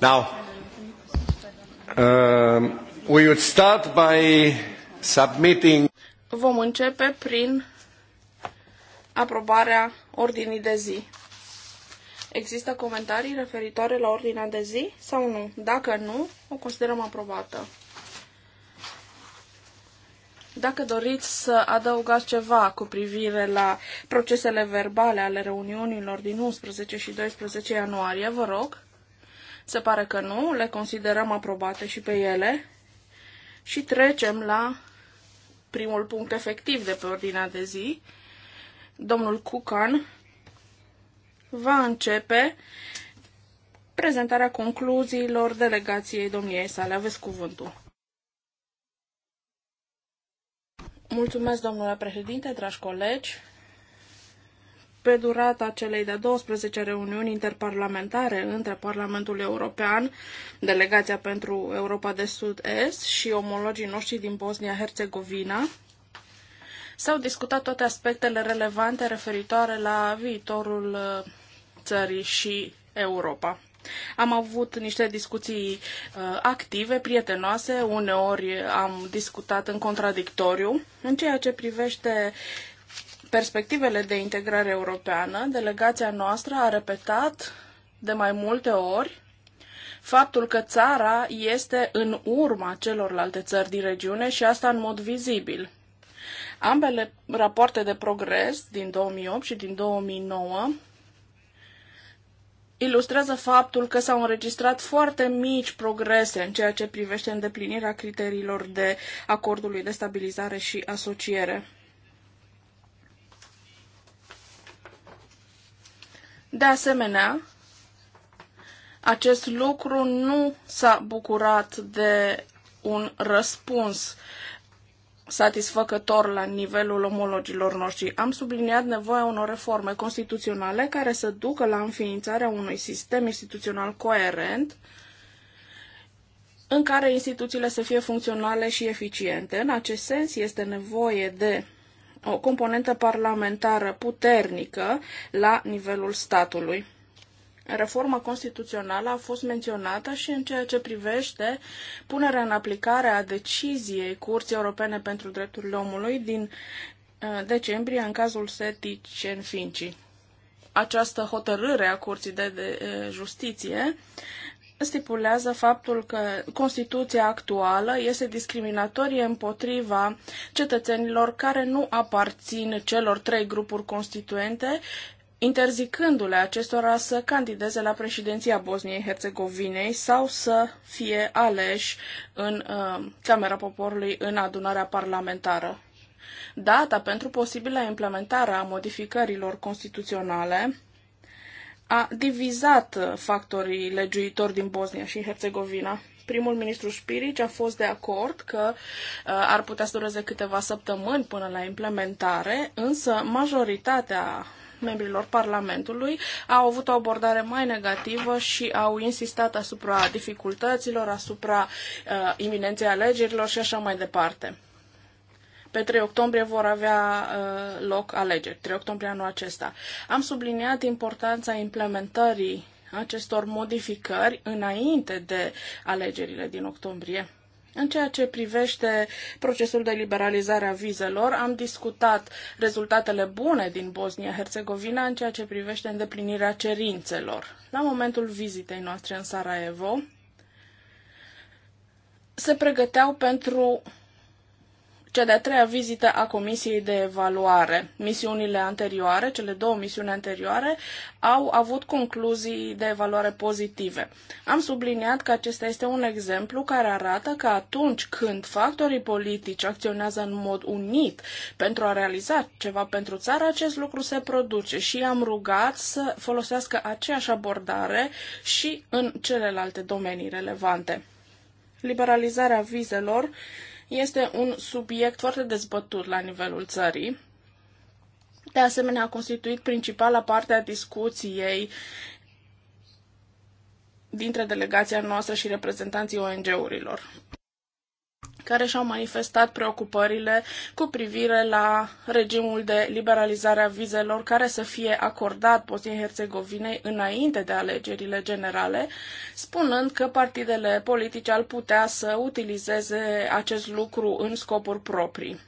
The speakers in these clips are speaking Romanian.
Now, uh, we would start by submitting... Vom începe prin aprobarea ordinii de zi. Există comentarii referitoare la ordinea de zi sau nu? Dacă nu, o considerăm aprobată. Dacă doriți să adăugați ceva cu privire la procesele verbale ale reuniunilor din 11 și 12 ianuarie, vă rog. Se pare că nu, le considerăm aprobate și pe ele și trecem la primul punct efectiv de pe ordinea de zi. Domnul Cucan va începe prezentarea concluziilor delegației domniei sale. Aveți cuvântul. Mulțumesc, domnule președinte, dragi colegi pe durata celei de 12 reuniuni interparlamentare între Parlamentul European, Delegația pentru Europa de Sud-Est și omologii noștri din Bosnia-Herzegovina, s-au discutat toate aspectele relevante referitoare la viitorul uh, țării și Europa. Am avut niște discuții uh, active, prietenoase, uneori am discutat în contradictoriu. În ceea ce privește perspectivele de integrare europeană, delegația noastră a repetat de mai multe ori faptul că țara este în urma celorlalte țări din regiune și asta în mod vizibil. Ambele rapoarte de progres din 2008 și din 2009 ilustrează faptul că s-au înregistrat foarte mici progrese în ceea ce privește îndeplinirea criteriilor de acordului de stabilizare și asociere. De asemenea, acest lucru nu s-a bucurat de un răspuns satisfăcător la nivelul omologilor noștri. Am subliniat nevoia unor reforme constituționale care să ducă la înființarea unui sistem instituțional coerent în care instituțiile să fie funcționale și eficiente. În acest sens este nevoie de o componentă parlamentară puternică la nivelul statului. Reforma constituțională a fost menționată și în ceea ce privește punerea în aplicare a deciziei Curții Europene pentru Drepturile Omului din uh, decembrie în cazul Seti Cenfinci. Această hotărâre a Curții de, de uh, Justiție stipulează faptul că Constituția actuală este discriminatorie împotriva cetățenilor care nu aparțin celor trei grupuri constituente, interzicându-le acestora să candideze la președinția Bosniei-Herzegovinei sau să fie aleși în uh, Camera Poporului în adunarea parlamentară. Data pentru posibilă implementare a modificărilor constituționale a divizat uh, factorii legiuitori din Bosnia și Herțegovina. Primul ministru Spirici a fost de acord că uh, ar putea să dureze câteva săptămâni până la implementare, însă majoritatea membrilor Parlamentului au avut o abordare mai negativă și au insistat asupra dificultăților, asupra uh, iminenței alegerilor și așa mai departe. Pe 3 octombrie vor avea uh, loc alegeri, 3 octombrie anul acesta. Am subliniat importanța implementării acestor modificări înainte de alegerile din octombrie. În ceea ce privește procesul de liberalizare a vizelor, am discutat rezultatele bune din Bosnia-Herzegovina în ceea ce privește îndeplinirea cerințelor. La momentul vizitei noastre în Sarajevo, se pregăteau pentru cea de-a treia vizită a Comisiei de Evaluare. Misiunile anterioare, cele două misiuni anterioare, au avut concluzii de evaluare pozitive. Am subliniat că acesta este un exemplu care arată că atunci când factorii politici acționează în mod unit pentru a realiza ceva pentru țară, acest lucru se produce și am rugat să folosească aceeași abordare și în celelalte domenii relevante. Liberalizarea vizelor este un subiect foarte dezbătut la nivelul țării. De asemenea, a constituit principala parte a discuției dintre delegația noastră și reprezentanții ONG-urilor care și-au manifestat preocupările cu privire la regimul de liberalizare a vizelor care să fie acordat Bosniei-Herzegovinei înainte de alegerile generale, spunând că partidele politice ar putea să utilizeze acest lucru în scopuri proprii.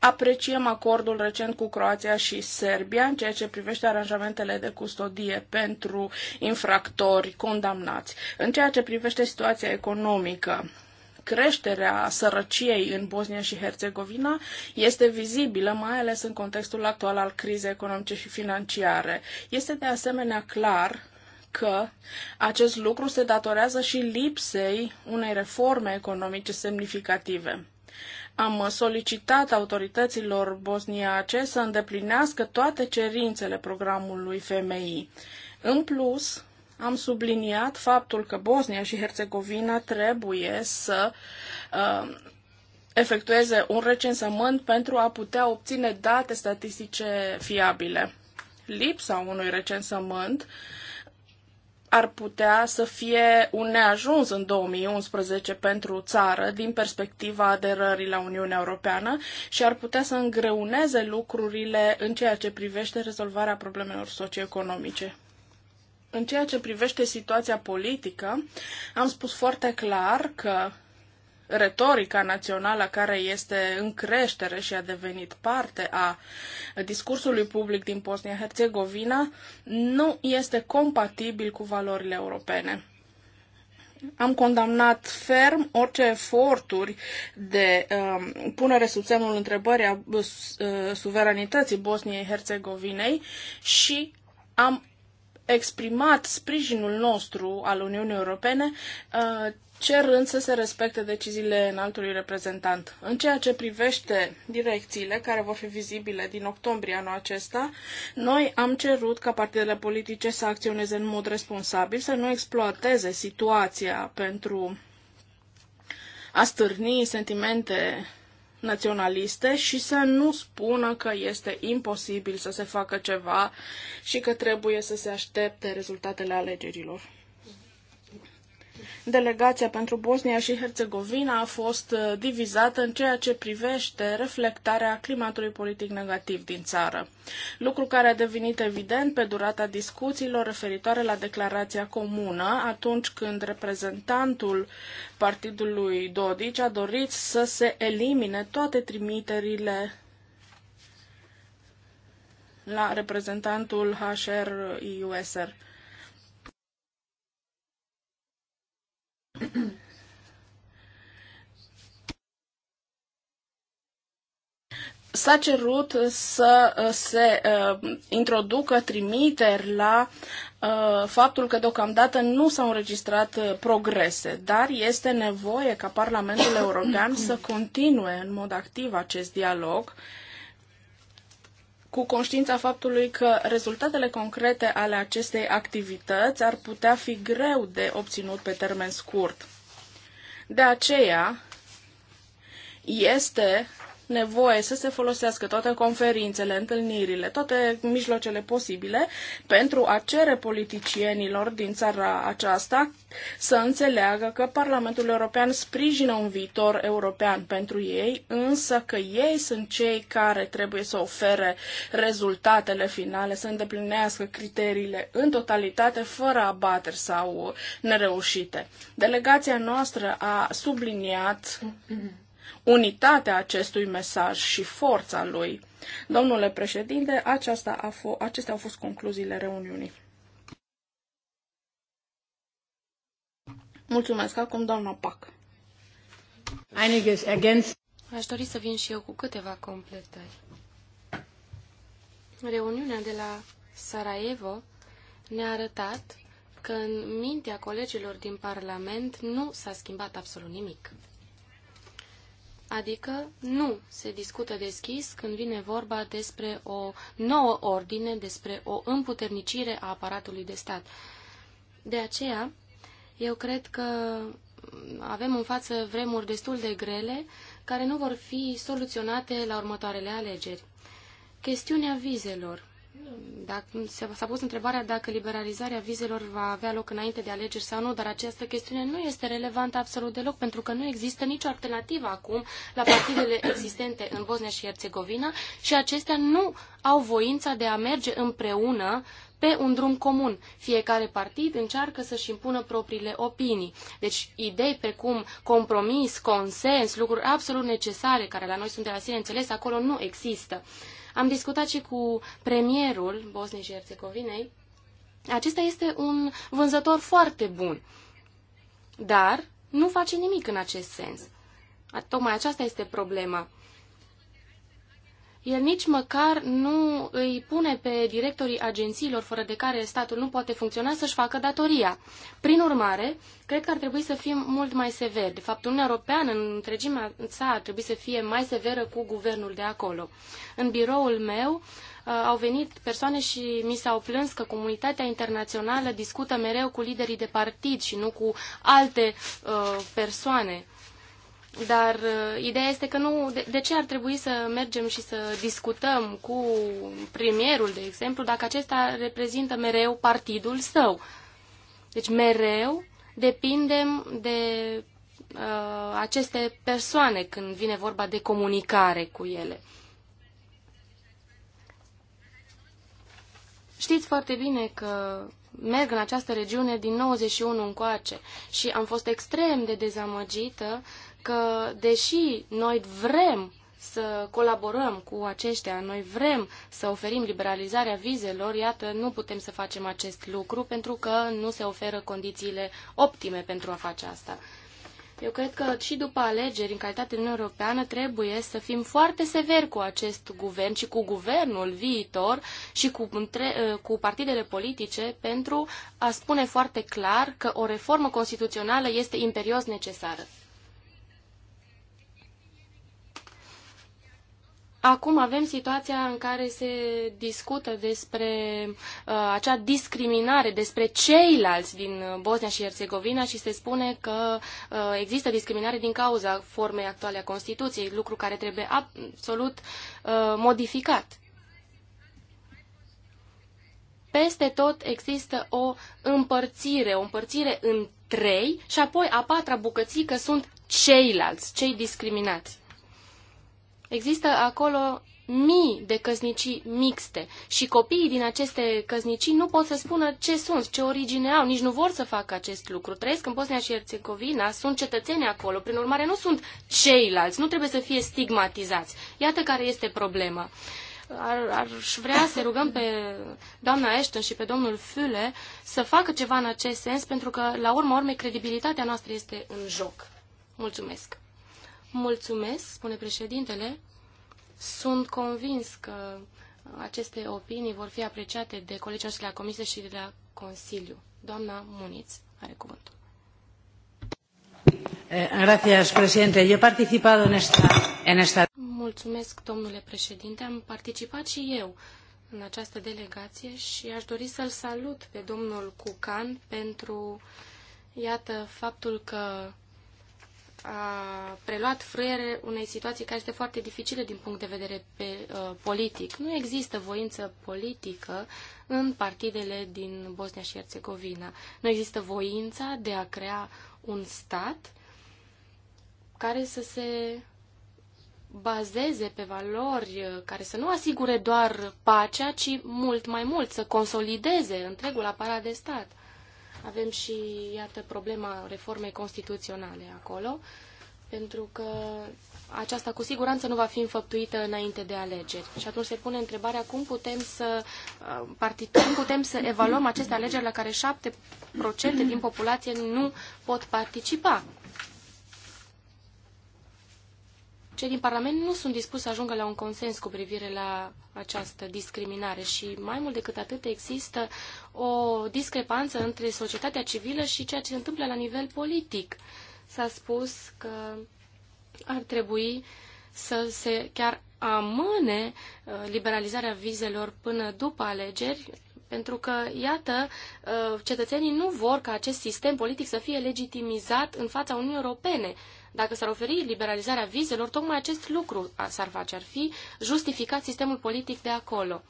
Apreciem acordul recent cu Croația și Serbia în ceea ce privește aranjamentele de custodie pentru infractori condamnați. În ceea ce privește situația economică, creșterea sărăciei în Bosnia și Herțegovina este vizibilă, mai ales în contextul actual al crizei economice și financiare. Este de asemenea clar că acest lucru se datorează și lipsei unei reforme economice semnificative. Am solicitat autorităților bosniace să îndeplinească toate cerințele programului FMI. În plus, am subliniat faptul că Bosnia și Herțegovina trebuie să uh, efectueze un recensământ pentru a putea obține date statistice fiabile. Lipsa unui recensământ ar putea să fie un neajuns în 2011 pentru țară din perspectiva aderării la Uniunea Europeană și ar putea să îngreuneze lucrurile în ceea ce privește rezolvarea problemelor socioeconomice. În ceea ce privește situația politică, am spus foarte clar că retorica națională care este în creștere și a devenit parte a discursului public din Bosnia-Herzegovina nu este compatibil cu valorile europene. Am condamnat ferm orice eforturi de uh, punere sub semnul întrebării a uh, suveranității Bosniei-Herzegovinei și am exprimat sprijinul nostru al Uniunii Europene, uh, cerând să se respecte deciziile înaltului reprezentant. În ceea ce privește direcțiile care vor fi vizibile din octombrie anul acesta, noi am cerut ca partidele politice să acționeze în mod responsabil, să nu exploateze situația pentru a stârni sentimente naționaliste și să nu spună că este imposibil să se facă ceva și că trebuie să se aștepte rezultatele alegerilor. Delegația pentru Bosnia și Herțegovina a fost uh, divizată în ceea ce privește reflectarea climatului politic negativ din țară, lucru care a devenit evident pe durata discuțiilor referitoare la declarația comună, atunci când reprezentantul partidului Dodic a dorit să se elimine toate trimiterile la reprezentantul HR-USR. s-a cerut să uh, se uh, introducă trimiteri la uh, faptul că deocamdată nu s-au înregistrat uh, progrese, dar este nevoie ca Parlamentul European să continue în mod activ acest dialog uh, cu conștiința faptului că rezultatele concrete ale acestei activități ar putea fi greu de obținut pe termen scurt. De aceea, este nevoie să se folosească toate conferințele, întâlnirile, toate mijloacele posibile pentru a cere politicienilor din țara aceasta să înțeleagă că Parlamentul European sprijină un viitor european pentru ei, însă că ei sunt cei care trebuie să ofere rezultatele finale, să îndeplinească criteriile în totalitate, fără abateri sau nereușite. Delegația noastră a subliniat unitatea acestui mesaj și forța lui. Domnule președinte, aceasta a f- acestea au fost concluziile reuniunii. Mulțumesc. Acum doamna Pac. Aș dori să vin și eu cu câteva completări. Reuniunea de la Sarajevo ne-a arătat că în mintea colegilor din Parlament nu s-a schimbat absolut nimic. Adică nu se discută deschis când vine vorba despre o nouă ordine, despre o împuternicire a aparatului de stat. De aceea, eu cred că avem în față vremuri destul de grele care nu vor fi soluționate la următoarele alegeri. Chestiunea vizelor dacă, s-a pus întrebarea dacă liberalizarea vizelor va avea loc înainte de alegeri sau nu, dar această chestiune nu este relevantă absolut deloc, pentru că nu există nicio alternativă acum la partidele existente în Bosnia și Herțegovina și acestea nu au voința de a merge împreună pe un drum comun. Fiecare partid încearcă să-și impună propriile opinii. Deci idei precum compromis, consens, lucruri absolut necesare, care la noi sunt de la sine înțeles, acolo nu există. Am discutat și cu premierul Bosniei și Herțegovinei. Acesta este un vânzător foarte bun, dar nu face nimic în acest sens. Tocmai aceasta este problema el nici măcar nu îi pune pe directorii agențiilor fără de care statul nu poate funcționa să-și facă datoria. Prin urmare, cred că ar trebui să fim mult mai severi. De fapt, Uniunea Europeană în întregimea sa ar trebui să fie mai severă cu guvernul de acolo. În biroul meu uh, au venit persoane și mi s-au plâns că comunitatea internațională discută mereu cu liderii de partid și nu cu alte uh, persoane dar uh, ideea este că nu, de, de ce ar trebui să mergem și să discutăm cu premierul, de exemplu, dacă acesta reprezintă mereu partidul său? Deci mereu depindem de uh, aceste persoane când vine vorba de comunicare cu ele. Știți foarte bine că merg în această regiune din 91 încoace și am fost extrem de dezamăgită uh, că, deși noi vrem să colaborăm cu aceștia, noi vrem să oferim liberalizarea vizelor, iată, nu putem să facem acest lucru pentru că nu se oferă condițiile optime pentru a face asta. Eu cred că și după alegeri, în calitate de Uniunea Europeană, trebuie să fim foarte severi cu acest guvern și cu guvernul viitor și cu, între, ă, cu partidele politice pentru a spune foarte clar că o reformă constituțională este imperios necesară. Acum avem situația în care se discută despre uh, acea discriminare, despre ceilalți din Bosnia și Herțegovina și se spune că uh, există discriminare din cauza formei actuale a Constituției, lucru care trebuie absolut uh, modificat. Peste tot există o împărțire, o împărțire în trei și apoi a patra bucățică sunt ceilalți, cei discriminați. Există acolo mii de căsnicii mixte și copiii din aceste căsnicii nu pot să spună ce sunt, ce origine au, nici nu vor să facă acest lucru. Trăiesc în Bosnia și Herțegovina, sunt cetățeni acolo, prin urmare nu sunt ceilalți, nu trebuie să fie stigmatizați. Iată care este problema. Ar, ar vrea să rugăm pe doamna Ashton și pe domnul Füle să facă ceva în acest sens, pentru că, la urma urmei, credibilitatea noastră este în joc. Mulțumesc! Mulțumesc, spune președintele. Sunt convins că aceste opinii vor fi apreciate de colegii noștri la Comisie și de la Consiliu. Doamna Muniț are cuvântul. Eh, gracias, presidente. Yo he participado en esta, en esta... Mulțumesc, domnule președinte. Am participat și eu în această delegație și aș dori să-l salut pe domnul Cucan pentru, iată, faptul că a preluat frâiere unei situații care este foarte dificile din punct de vedere pe, uh, politic. Nu există voință politică în partidele din Bosnia și Herțegovina. Nu există voința de a crea un stat care să se bazeze pe valori uh, care să nu asigure doar pacea, ci mult mai mult, să consolideze întregul aparat de stat. Avem și, iată, problema reformei constituționale acolo, pentru că aceasta cu siguranță nu va fi înfăptuită înainte de alegeri. Și atunci se pune întrebarea cum putem să, uh, cum putem să evaluăm aceste alegeri la care 7% din populație nu pot participa. cei din Parlament nu sunt dispuși să ajungă la un consens cu privire la această discriminare și mai mult decât atât există o discrepanță între societatea civilă și ceea ce se întâmplă la nivel politic. S-a spus că ar trebui să se chiar amâne uh, liberalizarea vizelor până după alegeri, pentru că, iată, uh, cetățenii nu vor ca acest sistem politic să fie legitimizat în fața Uniunii Europene. Dacă s-ar oferi liberalizarea vizelor, tocmai acest lucru s-ar face, ar fi justificat sistemul politic de acolo.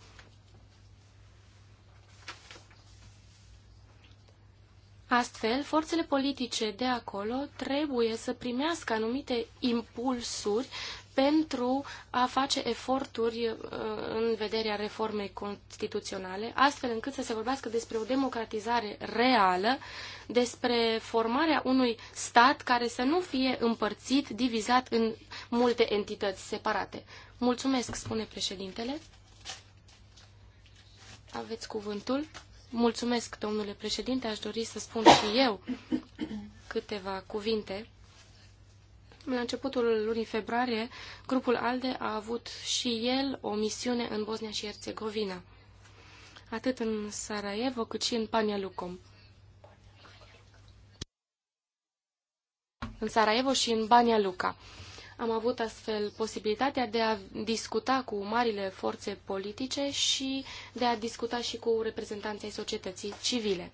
Astfel, forțele politice de acolo trebuie să primească anumite impulsuri pentru a face eforturi uh, în vederea reformei constituționale, astfel încât să se vorbească despre o democratizare reală, despre formarea unui stat care să nu fie împărțit, divizat în multe entități separate. Mulțumesc, spune președintele. Aveți cuvântul. Mulțumesc, domnule președinte. Aș dori să spun și eu câteva cuvinte la începutul lunii februarie, grupul ALDE a avut și el o misiune în Bosnia și Herțegovina, atât în Sarajevo cât și în Lucom. În Sarajevo și în Bania Luca. Am avut astfel posibilitatea de a discuta cu marile forțe politice și de a discuta și cu reprezentanții societății civile.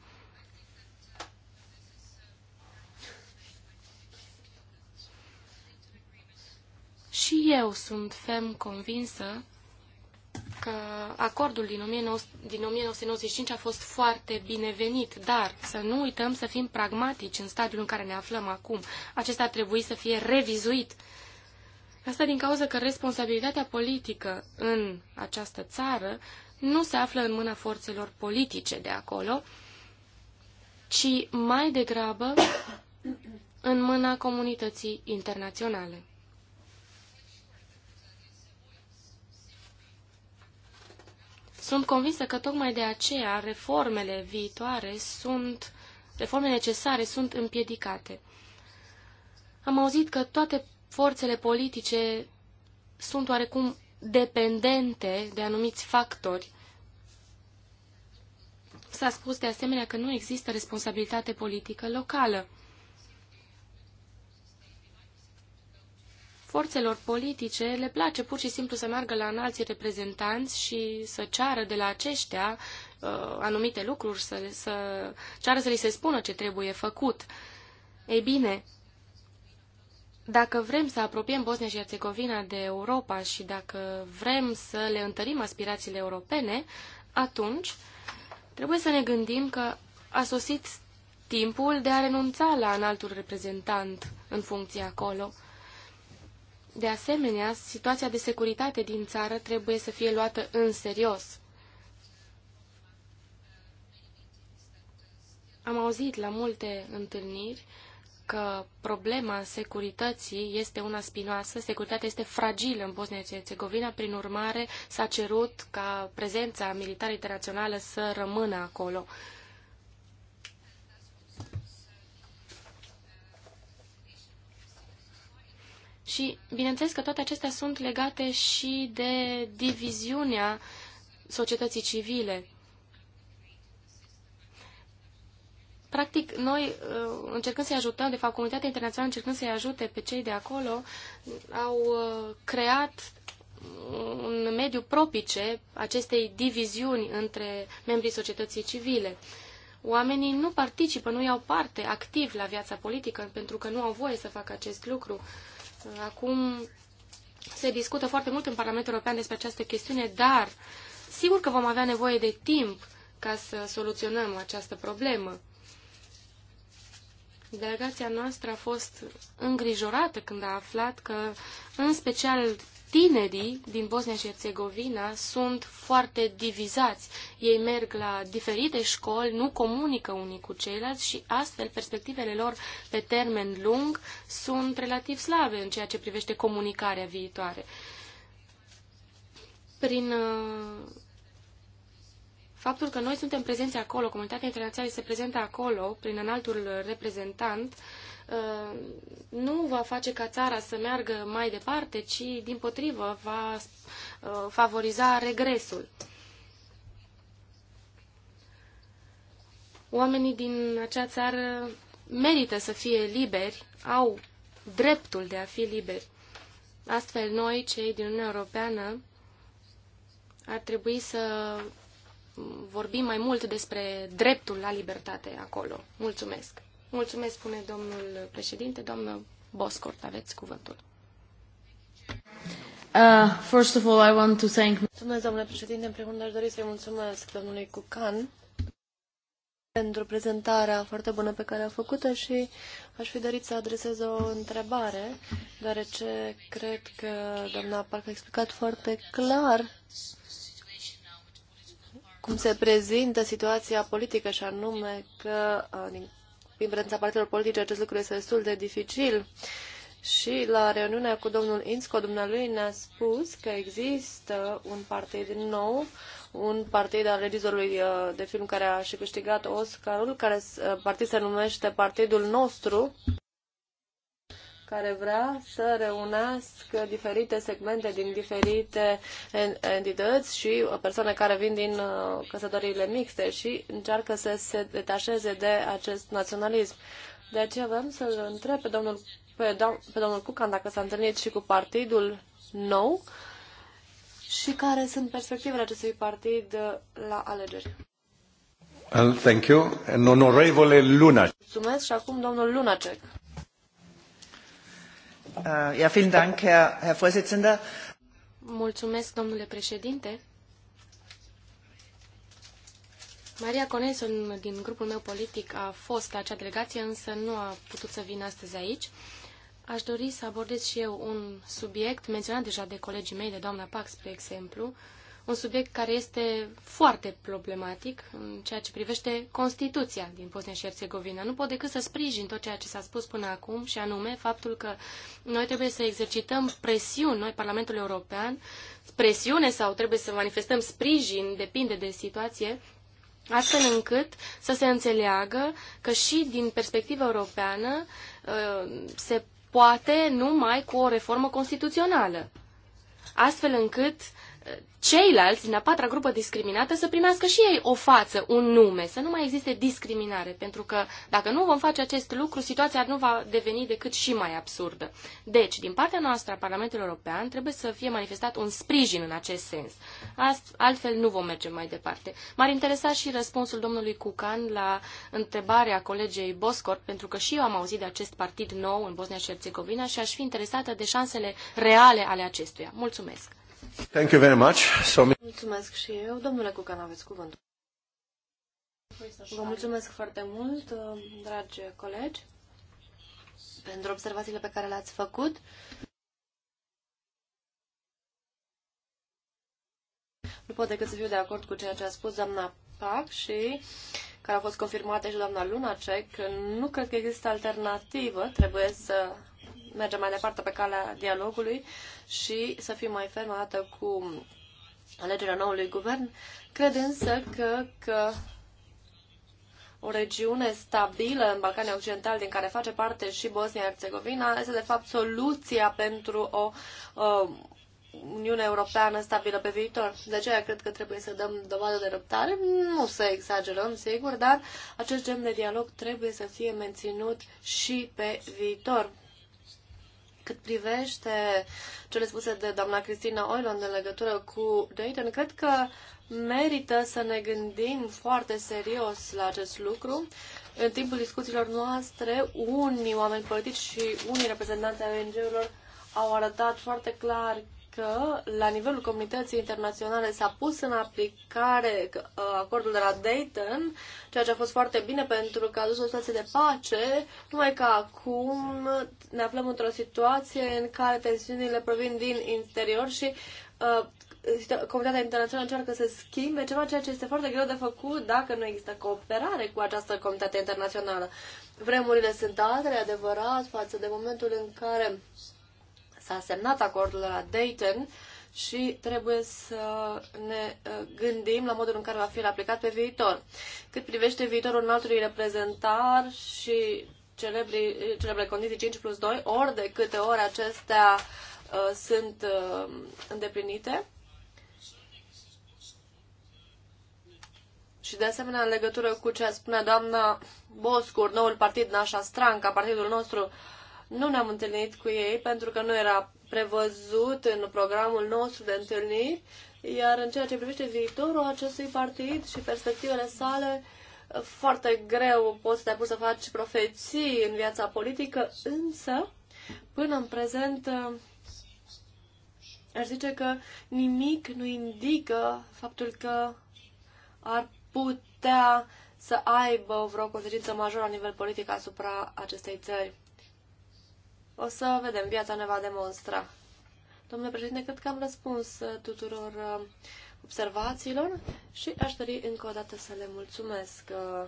Și eu sunt fem convinsă că acordul din, 19, din 1995 a fost foarte binevenit, dar să nu uităm să fim pragmatici în stadiul în care ne aflăm acum. Acesta ar trebui să fie revizuit. Asta din cauza că responsabilitatea politică în această țară nu se află în mâna forțelor politice de acolo, ci mai degrabă în mâna comunității internaționale. Sunt convinsă că tocmai de aceea reformele viitoare sunt, reformele necesare sunt împiedicate. Am auzit că toate forțele politice sunt oarecum dependente de anumiți factori. S-a spus de asemenea că nu există responsabilitate politică locală. forțelor politice le place pur și simplu să meargă la înalții reprezentanți și să ceară de la aceștia uh, anumite lucruri, să, să ceară să li se spună ce trebuie făcut. Ei bine, dacă vrem să apropiem Bosnia și Herțegovina de Europa și dacă vrem să le întărim aspirațiile europene, atunci trebuie să ne gândim că a sosit timpul de a renunța la înaltul reprezentant în funcție acolo. De asemenea, situația de securitate din țară trebuie să fie luată în serios. Am auzit la multe întâlniri că problema securității este una spinoasă, securitatea este fragilă în Bosnia-Herzegovina, prin urmare s-a cerut ca prezența militară internațională să rămână acolo. Și, bineînțeles că toate acestea sunt legate și de diviziunea societății civile. Practic, noi uh, încercând să-i ajutăm, de fapt, comunitatea internațională încercând să-i ajute pe cei de acolo, au uh, creat un mediu propice acestei diviziuni între membrii societății civile. Oamenii nu participă, nu iau parte activ la viața politică pentru că nu au voie să facă acest lucru. Uh, Acum se discută foarte mult în Parlamentul European despre această chestiune, dar sigur că vom avea nevoie de timp ca să soluționăm această problemă. Delegația noastră a fost îngrijorată când a aflat că, în special tinerii din Bosnia și Herțegovina sunt foarte divizați. Ei merg la diferite școli, nu comunică unii cu ceilalți și astfel perspectivele lor pe termen lung sunt relativ slabe în ceea ce privește comunicarea viitoare. Prin uh, faptul că noi suntem prezenți acolo, comunitatea internațională se prezentă acolo, prin înaltul reprezentant, uh, Uh, nu va face ca țara să meargă mai departe, ci din potrivă va uh, favoriza regresul. Oamenii din acea țară merită să fie liberi, au dreptul de a fi liberi. Astfel, noi, cei din Uniunea Europeană, ar trebui să vorbim mai mult despre dreptul la libertate acolo. Mulțumesc! Mulțumesc, spune domnul președinte. Doamnă Boscort, aveți cuvântul. Uh, first of all, I want to thank... Mulțumesc, domnule președinte. În primul rând, aș dori să-i mulțumesc domnului Cucan pentru prezentarea foarte bună pe care a făcut-o și aș fi dorit să adresez o întrebare, deoarece cred că doamna Parc a explicat foarte clar cum se prezintă situația politică și anume că uh, din prin prezența partidelor politice, acest lucru este destul de dificil. Și la reuniunea cu domnul Insco, dumnealui ne-a spus că există un partid nou, un partid al regizorului uh, de film care a și câștigat Oscarul, care uh, partid se numește Partidul Nostru care vrea să reunească diferite segmente din diferite entități și persoane care vin din uh, căsătoriile mixte și încearcă să se detașeze de acest naționalism. De aceea vreau să-l întreb pe domnul, pe, dom pe domnul Cucan dacă s-a întâlnit și cu partidul nou și care sunt perspectivele acestui partid uh, la alegeri. Thank you. Onorevole Lunacek. Mulțumesc și acum domnul Lunacek. Äh, Mulțumesc, domnule președinte. Maria Conelson din grupul meu politic a fost la acea delegație, însă nu a putut să vină astăzi aici. Aș dori să abordez și eu un subiect menționat deja de colegii mei, de doamna Pax, spre exemplu, uh, un subiect care este foarte problematic în ceea ce privește Constituția din Bosnia și Herțegovina. Nu pot decât să sprijin tot ceea ce s-a spus până acum și anume faptul că noi trebuie să exercităm presiuni, noi Parlamentul European, presiune sau trebuie să manifestăm sprijin, depinde de situație, astfel încât să se înțeleagă că și din perspectiva europeană uh, se poate numai cu o reformă constituțională. Astfel încât ceilalți din a patra grupă discriminată să primească și ei o față, un nume, să nu mai existe discriminare, pentru că dacă nu vom face acest lucru, situația nu va deveni decât și mai absurdă. Deci, din partea noastră a Parlamentului European, trebuie să fie manifestat un sprijin în acest sens. Ast altfel nu vom merge mai departe. M-ar interesa și răspunsul domnului Cucan la întrebarea colegei Boscor, pentru că și eu am auzit de acest partid nou în Bosnia și Herțegovina și aș fi interesată de șansele reale ale acestuia. Mulțumesc! Thank you very much. So... Mulțumesc și eu. Domnule Cucan, aveți cuvântul. Vă mulțumesc foarte mult, dragi colegi, pentru observațiile pe care le-ați făcut. Nu pot decât să fiu de acord cu ceea ce a spus doamna PAC și care a fost confirmată și doamna Lunacek. Nu cred că există alternativă. Trebuie să mergem mai departe pe calea dialogului și să fim mai fermă odată cu alegerea noului guvern. Cred însă că, că o regiune stabilă în Balcanii Occidentali, din care face parte și Bosnia-Herzegovina, este de fapt soluția pentru o o Uniune Europeană stabilă pe viitor. De aceea cred că trebuie să dăm dovadă de răbdare, nu să exagerăm, sigur, dar acest gen de dialog trebuie să fie menținut și pe viitor. Cât privește cele spuse de doamna Cristina Oilon în legătură cu Dayton, cred că merită să ne gândim foarte serios la acest lucru. În timpul discuțiilor noastre, unii oameni politici și unii reprezentanți ai ONG-urilor au arătat foarte clar că la nivelul comunității internaționale s-a pus în aplicare uh, acordul de la Dayton, ceea ce a fost foarte bine pentru că a dus o situație de pace, numai că acum ne aflăm într-o situație în care tensiunile provin din interior și uh, comunitatea internațională încearcă să schimbe ceva, ceea ce este foarte greu de făcut dacă nu există cooperare cu această comunitate internațională. Vremurile sunt altele, adevărat, față de momentul în care s-a semnat acordul de la Dayton și trebuie să ne uh, gândim la modul în care va fi aplicat pe viitor. Cât privește viitorul înaltului reprezentar și celebri, celebre condiții 5 plus 2, ori de câte ori acestea uh, sunt uh, îndeplinite. Și de asemenea, în legătură cu ce spunea doamna Boscur, noul partid Nașa Stranca, partidul nostru uh, nu ne-am întâlnit cu ei pentru că nu era prevăzut în programul nostru de întâlniri, iar în ceea ce privește viitorul acestui partid și perspectivele sale, foarte greu poți să te apuci să faci profeții în viața politică, însă, până în prezent, aș zice că nimic nu indică faptul că ar putea să aibă vreo consecință majoră la nivel politic asupra acestei țări. O să vedem, viața ne va demonstra. Domnule președinte, cred că am răspuns uh, tuturor uh, observațiilor și aș dori încă o dată să le mulțumesc uh,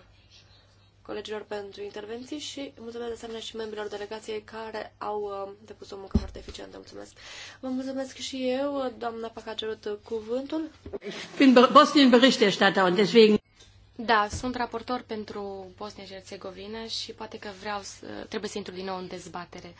colegilor pentru intervenții și mulțumesc de asemenea și membrilor delegației care au depus o muncă foarte eficientă. Mulțumesc. Vă mulțumesc și eu, doamna Pacacerut, cuvântul. cerut cuvântul. Ich bin Bosnien Berichterstatter und deswegen da, sunt raportor pentru Bosnia-Herzegovina și poate că vreau să, trebuie să intru din nou în dezbatere.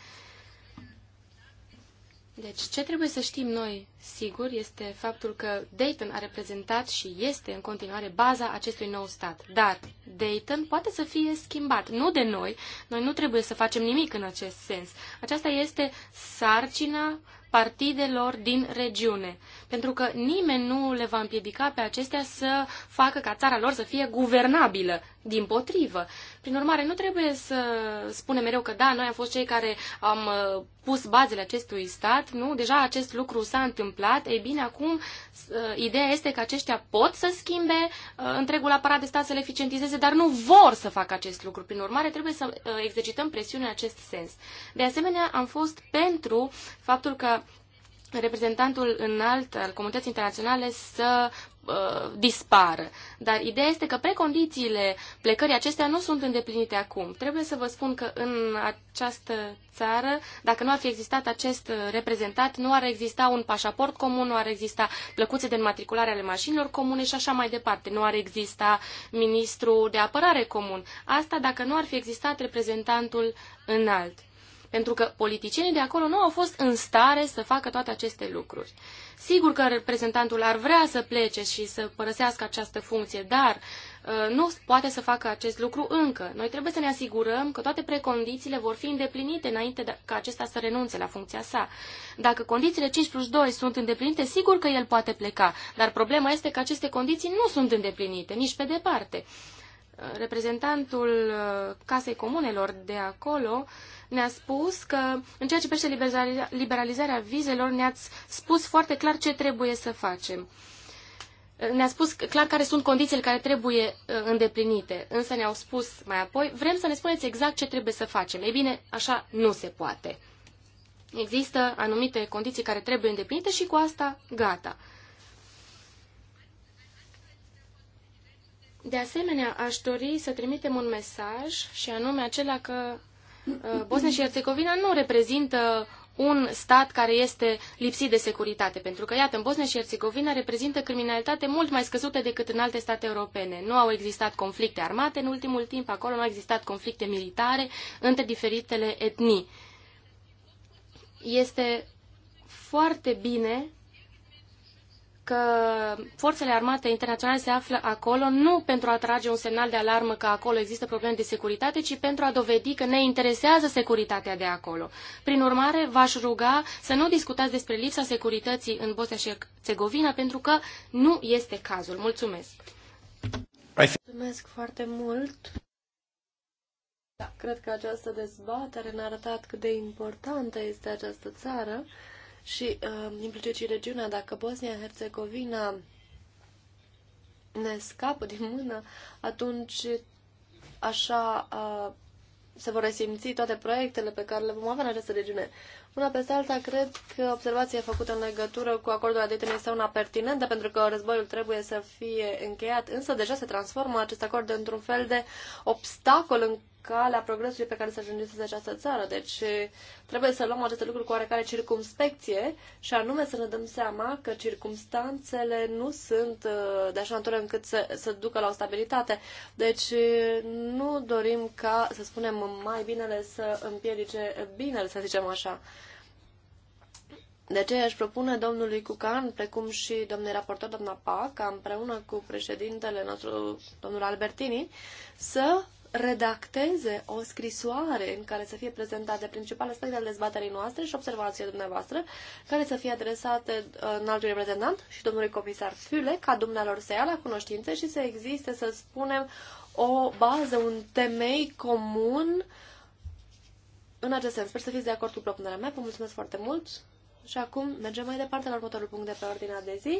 Deci, ce trebuie să știm noi, sigur, este faptul că Dayton a reprezentat și este în continuare baza acestui nou stat. Dar Dayton poate să fie schimbat, nu de noi. Noi nu trebuie să facem nimic în acest sens. Aceasta este sarcina partidelor din regiune, pentru că nimeni nu le va împiedica pe acestea să facă ca țara lor să fie guvernabilă, din potrivă. Prin urmare, nu trebuie să spunem mereu că da, noi am fost cei care am uh, pus bazele acestui stat, nu? Deja acest lucru s-a întâmplat, ei bine, acum uh, ideea este că aceștia pot să schimbe uh, întregul aparat de stat, să le eficientizeze, dar nu vor să facă acest lucru. Prin urmare, trebuie să exercităm presiune în acest sens. De asemenea, am fost pentru faptul că reprezentantul înalt al comunității internaționale să uh, dispară. Dar ideea este că precondițiile plecării acestea nu sunt îndeplinite acum. Trebuie să vă spun că în această țară, dacă nu ar fi existat acest reprezentat, nu ar exista un pașaport comun, nu ar exista plăcuțe de înmatriculare ale mașinilor comune și așa mai departe. Nu ar exista ministru de apărare comun. Asta dacă nu ar fi existat reprezentantul înalt pentru că politicienii de acolo nu au fost în stare să facă toate aceste lucruri. Sigur că reprezentantul ar vrea să plece și să părăsească această funcție, dar uh, nu poate să facă acest lucru încă. Noi trebuie să ne asigurăm că toate precondițiile vor fi îndeplinite înainte de ca acesta să renunțe la funcția sa. Dacă condițiile 5 plus 2 sunt îndeplinite, sigur că el poate pleca, dar problema este că aceste condiții nu sunt îndeplinite, nici pe departe reprezentantul uh, Casei Comunelor de acolo ne-a spus că în ceea ce privește liberalizarea vizelor ne-ați spus foarte clar ce trebuie să facem. Ne-a spus clar care sunt condițiile care trebuie uh, îndeplinite, însă ne-au spus mai apoi, vrem să ne spuneți exact ce trebuie să facem. Ei bine, așa nu se poate. Există anumite condiții care trebuie îndeplinite și cu asta gata. De asemenea, aș dori să trimitem un mesaj și anume acela că uh, Bosnia și Herțegovina nu reprezintă un stat care este lipsit de securitate, pentru că, iată, în Bosnia și Herțegovina reprezintă criminalitate mult mai scăzută decât în alte state europene. Nu au existat conflicte armate în ultimul timp, acolo nu au existat conflicte militare între diferitele etnii. Este foarte bine că forțele armate internaționale se află acolo nu pentru a trage un semnal de alarmă că acolo există probleme de securitate, ci pentru a dovedi că ne interesează securitatea de acolo. Prin urmare, v-aș ruga să nu discutați despre lipsa securității în Bosnia și Herțegovina, pentru că nu este cazul. Mulțumesc! Mulțumesc foarte mult! Da, cred că această dezbatere ne-a arătat cât de importantă este această țară și uh, implicit și regiunea. Dacă Bosnia-Herzegovina ne scapă din mână, atunci așa uh, se vor resimți toate proiectele pe care le vom avea în această regiune. Una peste alta, cred că observația făcută în legătură cu acordul de Dayton este una pertinentă, pentru că războiul trebuie să fie încheiat, însă deja se transformă acest acord într-un fel de obstacol în calea progresului pe care să ajungeți în această țară. Deci trebuie să luăm aceste lucruri cu oarecare circumspecție și anume să ne dăm seama că circumstanțele nu sunt de așa natură încât să, să ducă la o stabilitate. Deci nu dorim ca, să spunem, mai binele să împiedice binele, să zicem așa. De aceea își propune domnului Cucan, precum și domnului raportor, doamna Pac, ca împreună cu președintele nostru, domnul Albertini, să redacteze o scrisoare în care să fie prezentate principalele aspecte ale dezbaterii noastre și observația dumneavoastră, care să fie adresate uh, în altul reprezentant și domnului comisar Fule, ca dumnealor să ia la cunoștință și să existe, să spunem, o bază, un temei comun în acest sens. Sper să fiți de acord cu propunerea mea. Vă mulțumesc foarte mult și acum mergem mai departe la următorul punct de pe ordinea de zi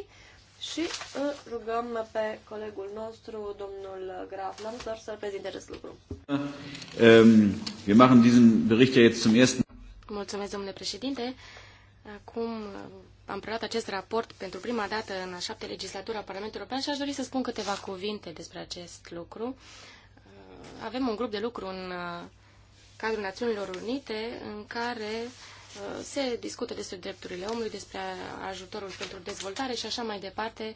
și îl rugăm pe colegul nostru, domnul Graf Lamsdorf, să prezinte acest lucru. Ehm, wir machen diesen Bericht ja jetzt zum ersten Mulțumesc, domnule președinte. Acum am preluat acest raport pentru prima dată în a șapte legislatură a Parlamentului European și aș dori să spun câteva cuvinte despre acest lucru. Avem un grup de lucru în uh, cadrul Națiunilor Unite în care se discută despre drepturile omului, despre ajutorul pentru dezvoltare și așa mai departe,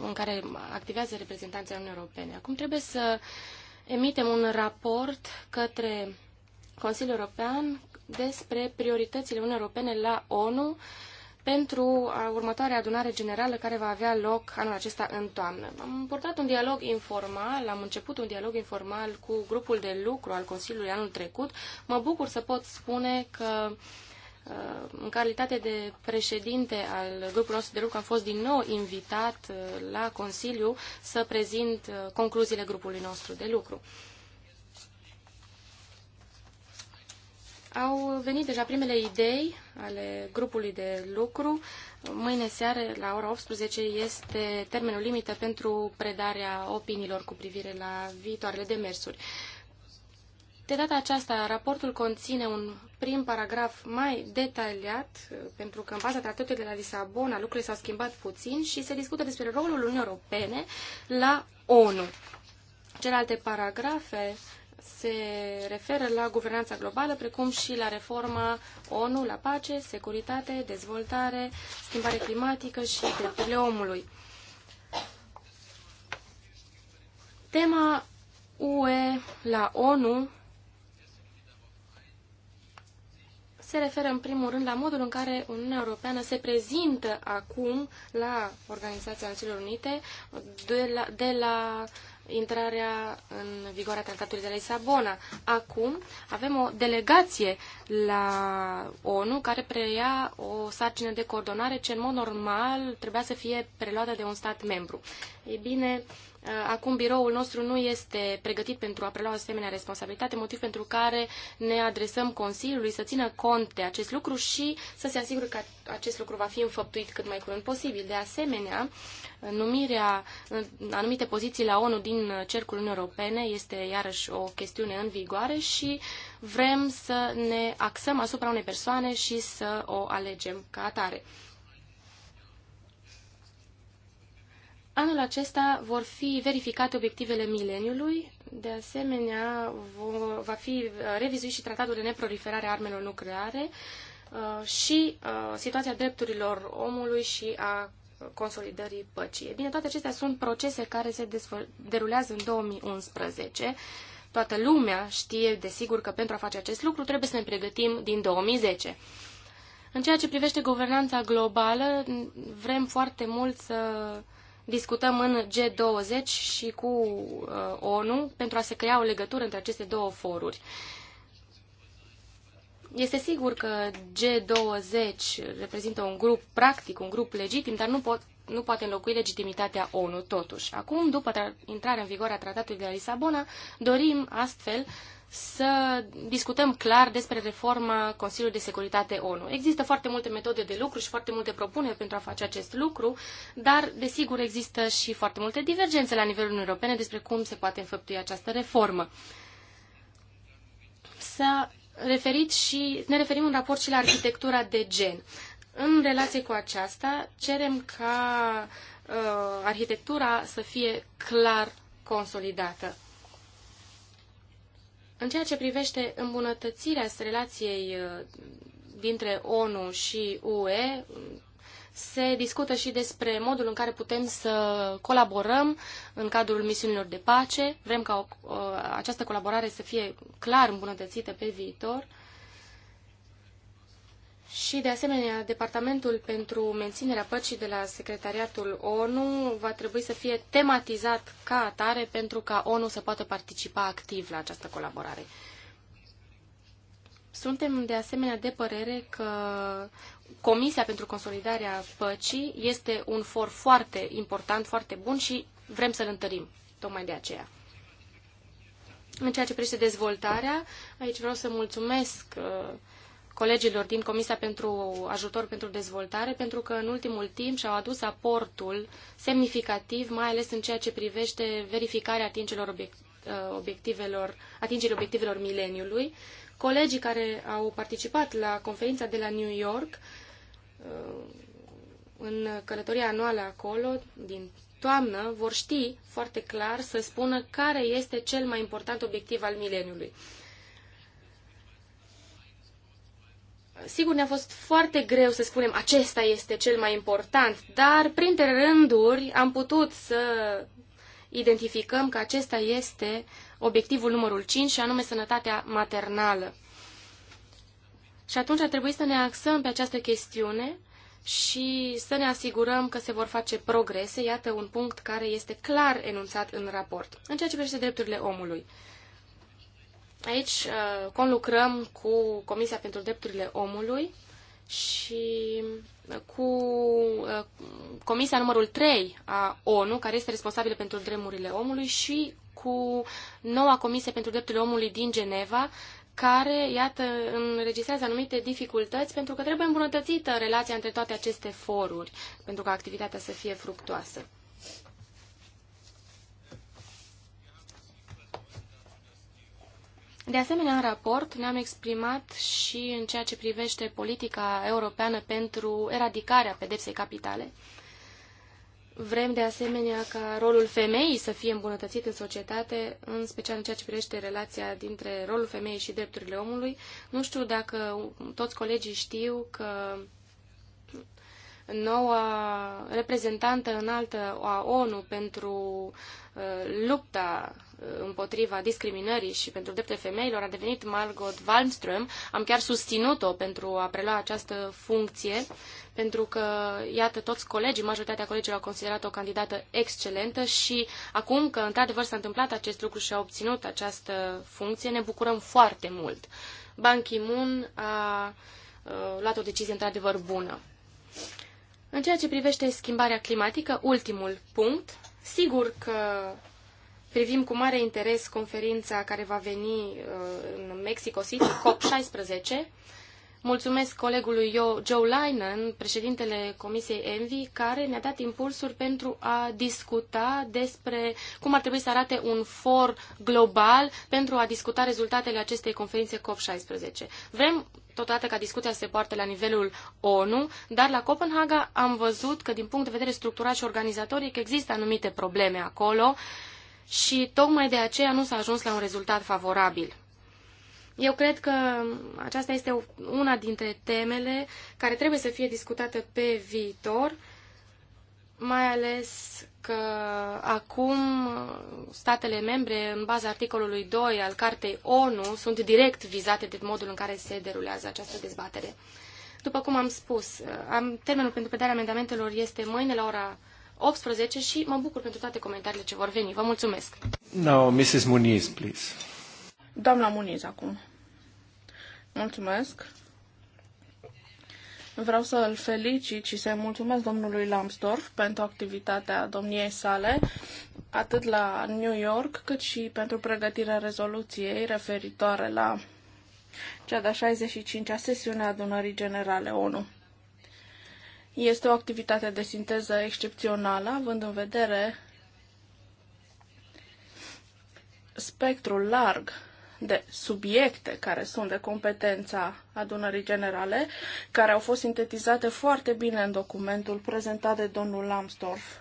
în care activează reprezentanții Uniunii Europene. Acum trebuie să emitem un raport către Consiliul European despre prioritățile Uniunii Europene la ONU pentru următoarea adunare generală care va avea loc anul acesta în toamnă. Am purtat un dialog informal, am început un dialog informal cu grupul de lucru al Consiliului anul trecut. Mă bucur să pot spune că ă, în calitate de președinte al grupului nostru de lucru am fost din nou invitat ă, la Consiliu să prezint ă, concluziile grupului nostru de lucru. Au venit deja primele idei ale grupului de lucru. Mâine seară, la ora 18, este termenul limită pentru predarea opiniilor cu privire la viitoarele demersuri. De data aceasta, raportul conține un prim paragraf mai detaliat, pentru că în baza tratatului de la Lisabona lucrurile s-au schimbat puțin și se discută despre rolul Uniunii Europene la ONU. Celelalte paragrafe se referă la guvernanța globală, precum și la reforma ONU, la pace, securitate, dezvoltare, schimbare climatică și drepturile omului. Tema UE la ONU se referă în primul rând la modul în care Uniunea Europeană se prezintă acum la Organizația Națiunilor Unite de la, de la intrarea în vigoare a tratatului de la Lisabona. Acum avem o delegație la ONU care preia o sarcină de coordonare ce în mod normal trebuia să fie preluată de un stat membru. E bine, uh, acum biroul nostru nu este pregătit pentru a prelua o asemenea responsabilitate, motiv pentru care ne adresăm Consiliului să țină cont de acest lucru și să se asigure că acest lucru va fi înfăptuit cât mai curând posibil. De asemenea, numirea în anumite poziții la ONU din cercul Uniunii Europene este iarăși o chestiune în vigoare și vrem să ne axăm asupra unei persoane și să o alegem ca atare. Anul acesta vor fi verificate obiectivele mileniului, de asemenea va fi uh, revizuit și tratatul de neproliferare a armelor nucleare uh, și uh, situația drepturilor omului și a consolidării păcii. bine, toate acestea sunt procese care se derulează în 2011. Toată lumea știe, desigur, că pentru a face acest lucru trebuie să ne pregătim din 2010. În ceea ce privește guvernanța globală, vrem foarte mult să discutăm în G20 și cu uh, ONU pentru a se crea o legătură între aceste două foruri. Este sigur că G20 reprezintă un grup practic, un grup legitim, dar nu, pot, nu poate înlocui legitimitatea ONU totuși. Acum, după intrarea în vigoare a Tratatului de la Lisabona, dorim astfel să discutăm clar despre reforma Consiliului de Securitate ONU. Există foarte multe metode de lucru și foarte multe propuneri pentru a face acest lucru, dar, desigur, există și foarte multe divergențe la nivelul european Europene despre cum se poate înfăptui această reformă. Să referit și, ne referim în raport și la arhitectura de gen. În relație cu aceasta, cerem ca uh, arhitectura să fie clar consolidată. În ceea ce privește îmbunătățirea relației uh, dintre ONU și UE, se discută și despre modul în care putem să colaborăm în cadrul misiunilor de pace. Vrem ca o, uh, această colaborare să fie clar îmbunătățită pe viitor. Și, de asemenea, Departamentul pentru Menținerea Păcii de la Secretariatul ONU va trebui să fie tematizat ca atare pentru ca ONU să poată participa activ la această colaborare. Suntem, de asemenea, de părere că Comisia pentru Consolidarea Păcii este un for foarte important, foarte bun și vrem să-l întărim, tocmai de aceea. În ceea ce privește dezvoltarea, aici vreau să mulțumesc uh, colegilor din Comisia pentru Ajutor pentru Dezvoltare, pentru că în ultimul timp și-au adus aportul semnificativ, mai ales în ceea ce privește verificarea atingerilor uh, obiectivelor, atingerii obiectivelor mileniului. Colegii care au participat la conferința de la New York, uh, în călătoria anuală acolo, din toamnă, vor ști foarte clar să spună care este cel mai important obiectiv al mileniului. Sigur, ne-a fost foarte greu să spunem acesta este cel mai important, dar printre rânduri am putut să identificăm că acesta este obiectivul numărul 5 și anume sănătatea maternală. Și atunci ar trebui să ne axăm pe această chestiune și să ne asigurăm că se vor face progrese. Iată un punct care este clar enunțat în raport. În ceea ce privește drepturile omului. Aici uh, conlucrăm cu Comisia pentru Drepturile Omului și uh, cu uh, Comisia numărul 3 a ONU, care este responsabilă pentru drepturile omului, și cu noua Comisie pentru Drepturile Omului din Geneva, care, iată, înregistrează anumite dificultăți pentru că trebuie îmbunătățită relația între toate aceste foruri pentru ca activitatea să fie fructoasă. De asemenea, în raport ne-am exprimat și în ceea ce privește politica europeană pentru eradicarea pedepsei capitale. Vrem de asemenea ca rolul femeii să fie îmbunătățit în societate, în special în ceea ce privește relația dintre rolul femeii și drepturile omului. Nu știu dacă toți colegii știu că noua reprezentantă înaltă a ONU pentru uh, lupta uh, împotriva discriminării și pentru drepturile femeilor a devenit Margot Wallström. Am chiar susținut-o pentru a prelua această funcție, pentru că, iată, toți colegii, majoritatea colegilor au considerat-o candidată excelentă și acum că, într-adevăr, s-a întâmplat acest lucru și a obținut această funcție, ne bucurăm foarte mult. Ban Ki-moon a uh, luat o decizie, într-adevăr, bună. În ceea ce privește schimbarea climatică, ultimul punct, sigur că privim cu mare interes conferința care va veni uh, în Mexico City, COP16, Mulțumesc colegului Joe Linen, președintele Comisiei Envi, care ne-a dat impulsuri pentru a discuta despre cum ar trebui să arate un for global pentru a discuta rezultatele acestei conferințe COP16. Vrem totodată ca discuția se poarte la nivelul ONU, dar la Copenhaga am văzut că din punct de vedere structural și organizatoric există anumite probleme acolo și tocmai de aceea nu s-a ajuns la un rezultat favorabil. Eu cred că aceasta este una dintre temele care trebuie să fie discutată pe viitor, mai ales că acum statele membre, în baza articolului 2 al Cartei ONU, sunt direct vizate de modul în care se derulează această dezbatere. După cum am spus, am, termenul pentru pedarea amendamentelor este mâine la ora 18 și mă bucur pentru toate comentariile ce vor veni. Vă mulțumesc! No, Mrs. Muniz, please. Doamna Muniz, acum. Mulțumesc. Vreau să îl felicit și să-i mulțumesc domnului Lambsdorff pentru activitatea domniei sale, atât la New York, cât și pentru pregătirea rezoluției referitoare la cea de-a 65-a sesiune a adunării generale ONU. Este o activitate de sinteză excepțională, având în vedere spectrul larg de subiecte care sunt de competența adunării generale, care au fost sintetizate foarte bine în documentul prezentat de domnul Lambsdorff.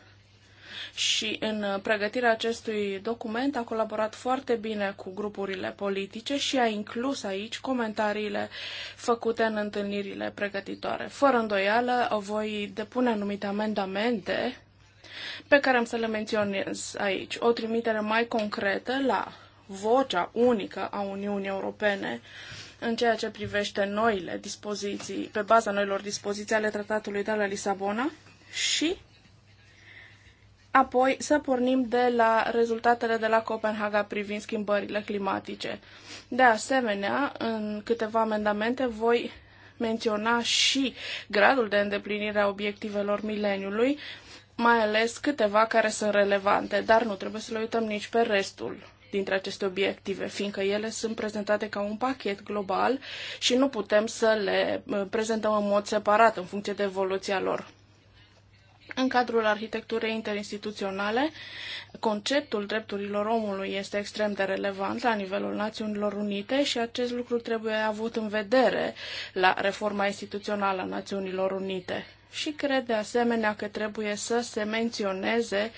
Și în pregătirea acestui document a colaborat foarte bine cu grupurile politice și a inclus aici comentariile făcute în întâlnirile pregătitoare. Fără îndoială, voi depune anumite amendamente pe care am să le menționez aici. O trimitere mai concretă la vocea unică a Uniunii Europene în ceea ce privește noile dispoziții, pe baza noilor dispoziții ale Tratatului de la Lisabona și apoi să pornim de la rezultatele de la Copenhaga privind schimbările climatice. De asemenea, în câteva amendamente voi menționa și gradul de îndeplinire a obiectivelor mileniului, mai ales câteva care sunt relevante, dar nu trebuie să le uităm nici pe restul dintre aceste obiective, fiindcă ele sunt prezentate ca un pachet global și nu putem să le uh, prezentăm în mod separat în funcție de evoluția lor. În cadrul arhitecturii interinstituționale, conceptul drepturilor omului este extrem de relevant la nivelul Națiunilor Unite și acest lucru trebuie avut în vedere la reforma instituțională a Națiunilor Unite și cred de asemenea că trebuie să se menționeze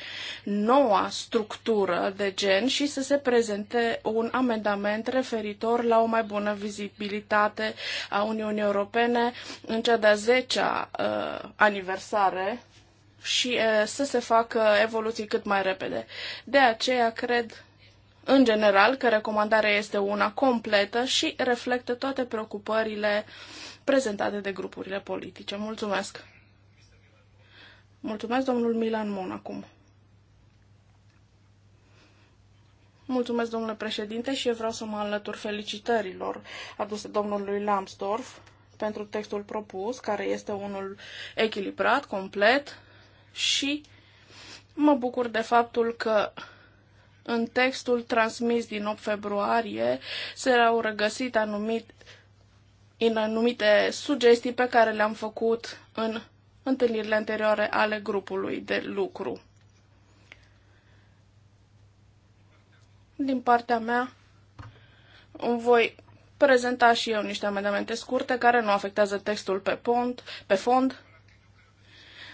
noua structură de gen și să se prezente un amendament referitor la o mai bună vizibilitate a Uniunii Europene în cea de-a 10-a uh, aniversare și uh, să se facă evoluții cât mai repede. De aceea cred în general că recomandarea este una completă și reflectă toate preocupările prezentate de grupurile politice. Mulțumesc! Mulțumesc, domnul Milan Mon, acum. Mulțumesc, domnule președinte, și eu vreau să mă alătur felicitărilor aduse domnului Lambsdorff pentru textul propus, care este unul echilibrat, complet și mă bucur de faptul că în textul transmis din 8 februarie s-au regăsit anumit, în anumite sugestii pe care le-am făcut în întâlnirile anterioare ale grupului de lucru. Din partea mea, îmi voi prezenta și eu niște amendamente scurte care nu afectează textul pe, pont, pe fond.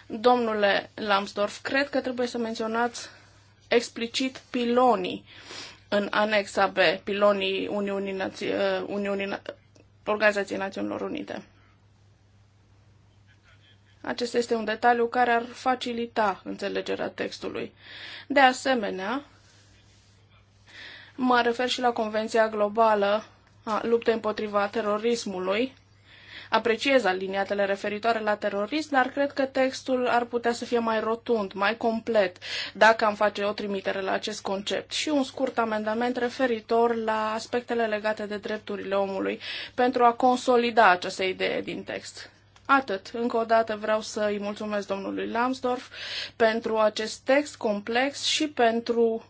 Domnule Lambsdorff, cred că trebuie să menționați explicit pilonii în anexa B, pilonii Uniunii, Naț- uh, Uniunii Organizației Națiunilor Unite. Acesta este un detaliu care ar facilita înțelegerea textului. De asemenea, mă refer și la Convenția Globală a Luptei împotriva terorismului. Apreciez aliniatele referitoare la terorism, dar cred că textul ar putea să fie mai rotund, mai complet, dacă am face o trimitere la acest concept. Și un scurt amendament referitor la aspectele legate de drepturile omului, pentru a consolida această idee din text. Atât. Încă o dată vreau să îi mulțumesc domnului Lambsdorff pentru acest text complex și pentru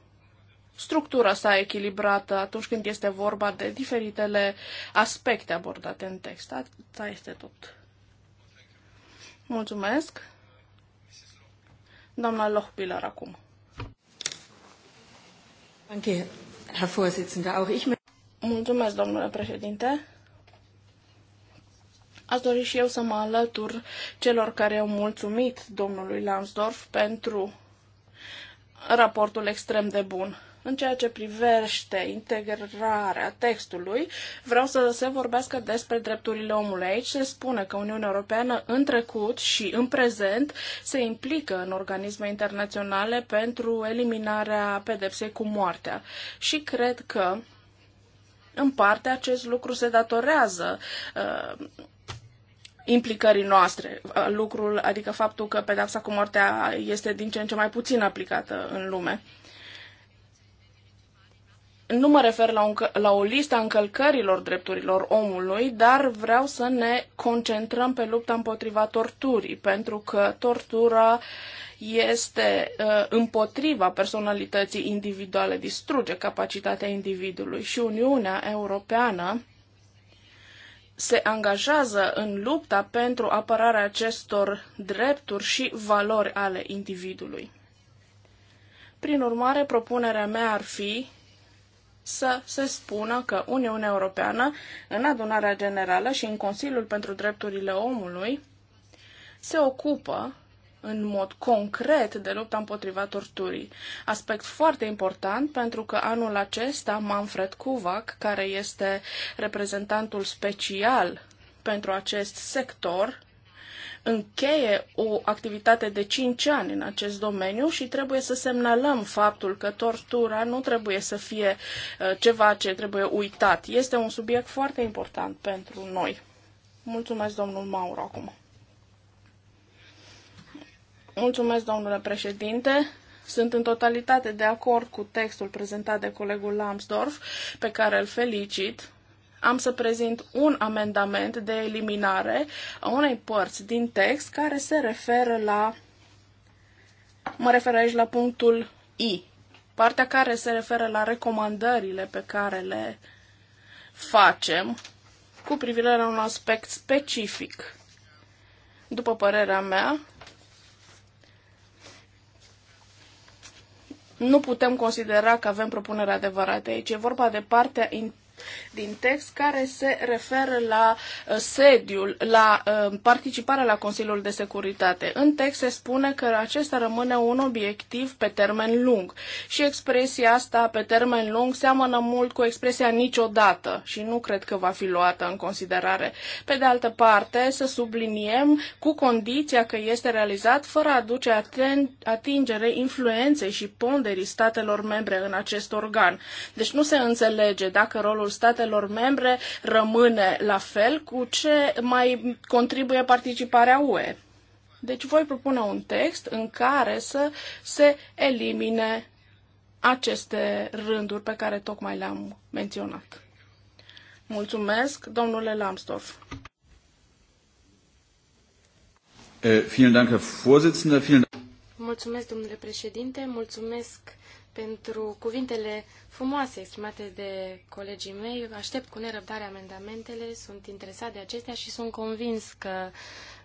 structura sa echilibrată atunci când este vorba de diferitele aspecte abordate în text. Asta este tot. Mulțumesc. Doamna Lohpilar acum. Mulțumesc, domnule președinte. Aș dori și eu să mă alătur celor care au mulțumit domnului Lansdorf pentru raportul extrem de bun. În ceea ce privește integrarea textului, vreau să se vorbească despre drepturile omului. Aici se spune că Uniunea Europeană în trecut și în prezent se implică în organisme internaționale pentru eliminarea pedepsei cu moartea. Și cred că în parte acest lucru se datorează uh, implicării noastre. Lucrul, adică faptul că pedapsa cu moartea este din ce în ce mai puțin aplicată în lume. Nu mă refer la, un, la o listă a încălcărilor drepturilor omului, dar vreau să ne concentrăm pe lupta împotriva torturii, pentru că tortura este uh, împotriva personalității individuale, distruge capacitatea individului și Uniunea Europeană se angajează în lupta pentru apărarea acestor drepturi și valori ale individului. Prin urmare, propunerea mea ar fi să se spună că Uniunea Europeană, în adunarea generală și în Consiliul pentru Drepturile Omului, se ocupă în mod concret de lupta împotriva torturii. Aspect foarte important pentru că anul acesta Manfred Kuvac, care este reprezentantul special pentru acest sector, încheie o activitate de 5 ani în acest domeniu și trebuie să semnalăm faptul că tortura nu trebuie să fie uh, ceva ce trebuie uitat. Este un subiect foarte important pentru noi. Mulțumesc, domnul Mauro, acum. Mulțumesc, domnule președinte. Sunt în totalitate de acord cu textul prezentat de colegul Lambsdorff, pe care îl felicit. Am să prezint un amendament de eliminare a unei părți din text care se referă la. Mă refer aici la punctul I, partea care se referă la recomandările pe care le facem cu privire la un aspect specific. După părerea mea, nu putem considera că avem propuneri adevărate aici. E vorba de partea din text care se referă la uh, sediul, la uh, participarea la Consiliul de Securitate. În text se spune că acesta rămâne un obiectiv pe termen lung și expresia asta pe termen lung seamănă mult cu expresia niciodată și nu cred că va fi luată în considerare. Pe de altă parte, să subliniem cu condiția că este realizat fără a aduce atingere influenței și ponderii statelor membre în acest organ. Deci nu se înțelege dacă rolul bugetul statelor membre rămâne la fel, cu ce mai contribuie participarea UE. Deci voi propune un text în care să se elimine aceste rânduri pe care tocmai le-am menționat. Mulțumesc, domnule Lambsdorff. Eh, mulțumesc, domnule președinte, mulțumesc pentru cuvintele frumoase exprimate de colegii mei. Aștept cu nerăbdare amendamentele, sunt interesat de acestea și sunt convins că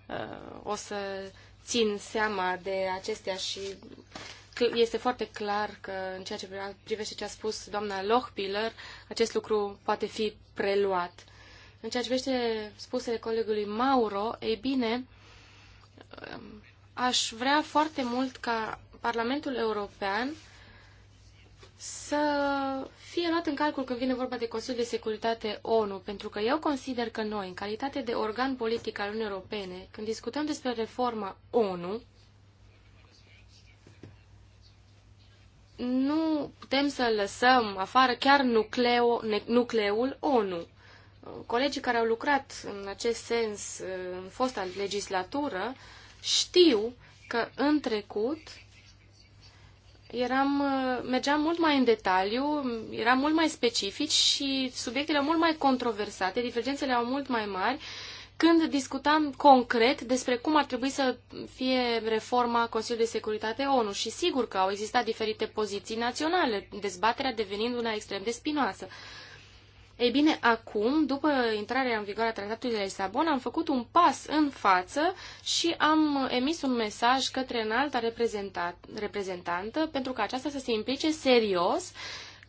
uh, o să țin seama de acestea și este foarte clar că în ceea ce privește ce a spus doamna Lochpiller, acest lucru poate fi preluat. În ceea ce privește spusele colegului Mauro, ei bine, um, aș vrea foarte mult ca Parlamentul European să fie luat în calcul când vine vorba de Consiliul de Securitate ONU, pentru că eu consider că noi, în calitate de organ politic al Uniunii Europene, când discutăm despre reforma ONU, nu putem să lăsăm afară chiar nucleo, nucleul ONU. Colegii care au lucrat în acest sens în fosta legislatură știu că în trecut eram, uh, mergeam mult mai în detaliu, eram mult mai specifici și subiectele mult mai controversate, divergențele au mult mai mari, când discutam concret despre cum ar trebui să fie reforma Consiliului de Securitate ONU. Și sigur că au existat diferite poziții naționale, dezbaterea devenind una extrem de spinoasă. Ei bine, acum, după intrarea în vigoare a Tratatului de Lisabona, am făcut un pas în față și am emis un mesaj către înalta reprezentantă pentru ca aceasta să se implice serios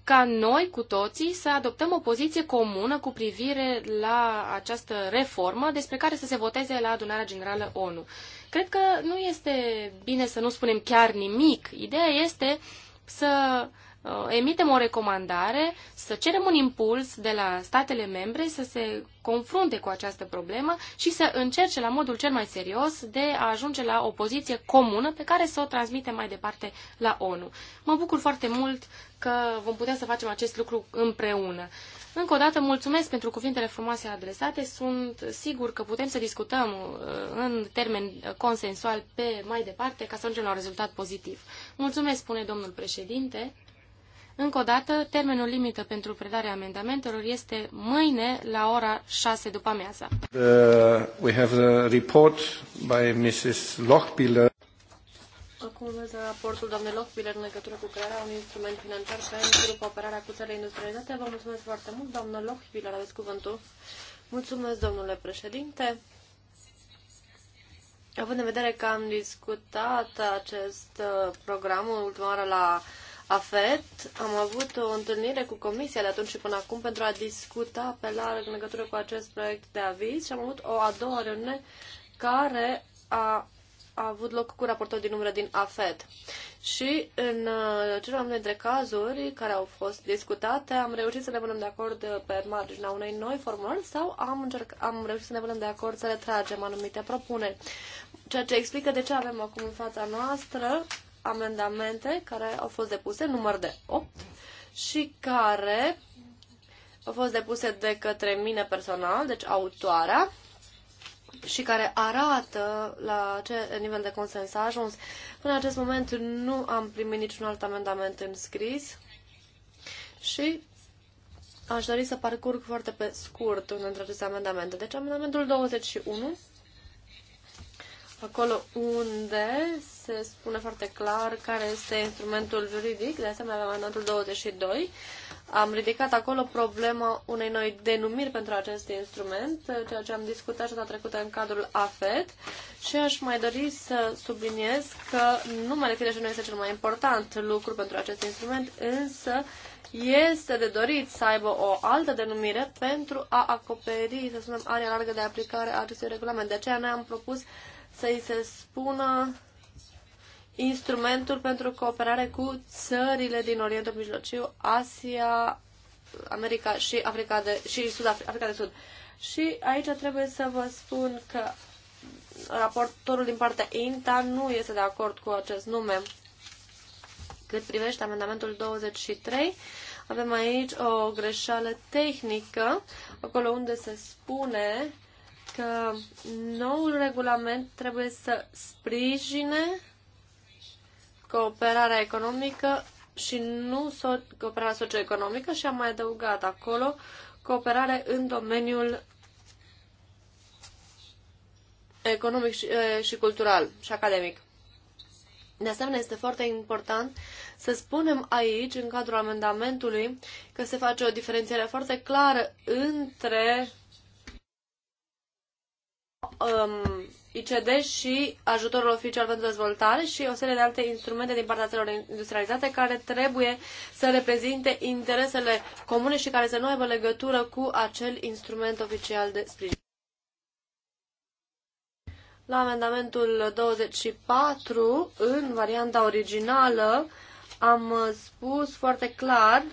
ca noi cu toții să adoptăm o poziție comună cu privire la această reformă despre care să se voteze la adunarea generală ONU. Cred că nu este bine să nu spunem chiar nimic. Ideea este să uh, Uh, emitem o recomandare, să cerem un impuls de la statele membre să se confrunte cu această problemă și să încerce la modul cel mai serios de a ajunge la o poziție comună pe care să o transmitem mai departe la ONU. Mă bucur foarte mult că vom putea să facem acest lucru împreună. Încă o dată mulțumesc pentru cuvintele frumoase adresate. Sunt sigur că putem să discutăm uh, în termen consensual pe mai departe ca să ajungem la un rezultat pozitiv. Mulțumesc, spune domnul președinte. Încă o dată, termenul limită pentru predarea amendamentelor este mâine la ora 6 după amiaza. Uh, we have the report by Mrs. Lochbiller. Acum urmează raportul doamnei Lochbiller în legătură cu crearea unui instrument financiar și în cooperarea cu țările industrializate. Vă mulțumesc foarte mult, doamnă Lochbiller, aveți cuvântul. Mulțumesc, domnule președinte. Având în vedere că am discutat acest uh, program ultima oară la AFET. Am avut o întâlnire cu comisia de atunci și până acum pentru a discuta pe larg în legătură cu acest proiect de aviz și am avut o a doua reuniune care a a avut loc cu raportor din umbră din AFED. Și în uh, cele mai dintre cazuri care au fost discutate, am reușit să ne punem de acord pe marginea unei noi formulări sau am, încerc, am reușit să ne punem de acord să retragem anumite propuneri. Ceea ce explică de ce avem acum în fața noastră amendamente care au fost depuse, număr de 8, și care au fost depuse de către mine personal, deci autoarea, și care arată la ce nivel de consens a ajuns. Până în acest moment nu am primit niciun alt amendament înscris și aș dori să parcurg foarte pe scurt unul dintre aceste amendamente. Deci amendamentul 21 acolo unde se spune foarte clar care este instrumentul juridic, de asemenea la mandatul 22, am ridicat acolo problema unei noi denumiri pentru acest instrument, ceea ce am discutat data trecută în cadrul AFET și aș mai dori să subliniez că numele și nu este cel mai important lucru pentru acest instrument, însă este de dorit să aibă o altă denumire pentru a acoperi, să spunem, area largă de aplicare a acestui regulament. De aceea ne-am propus să-i se spună instrumentul pentru cooperare cu țările din Orientul Mijlociu, Asia, America și Africa de, și Sud, Africa de Sud. Și aici trebuie să vă spun că raportorul din partea INTA nu este de acord cu acest nume. Cât privește amendamentul 23, avem aici o greșeală tehnică, acolo unde se spune că noul regulament trebuie să sprijine cooperarea economică și nu so- cooperarea socioeconomică și am mai adăugat acolo cooperare în domeniul economic și, și cultural și academic. De asemenea, este foarte important să spunem aici, în cadrul amendamentului, că se face o diferențiere foarte clară între um, ICD și ajutorul oficial pentru dezvoltare și o serie de alte instrumente din partea țărilor industrializate care trebuie să reprezinte interesele comune și care să nu aibă legătură cu acel instrument oficial de sprijin. La amendamentul 24, în varianta originală, am spus foarte clar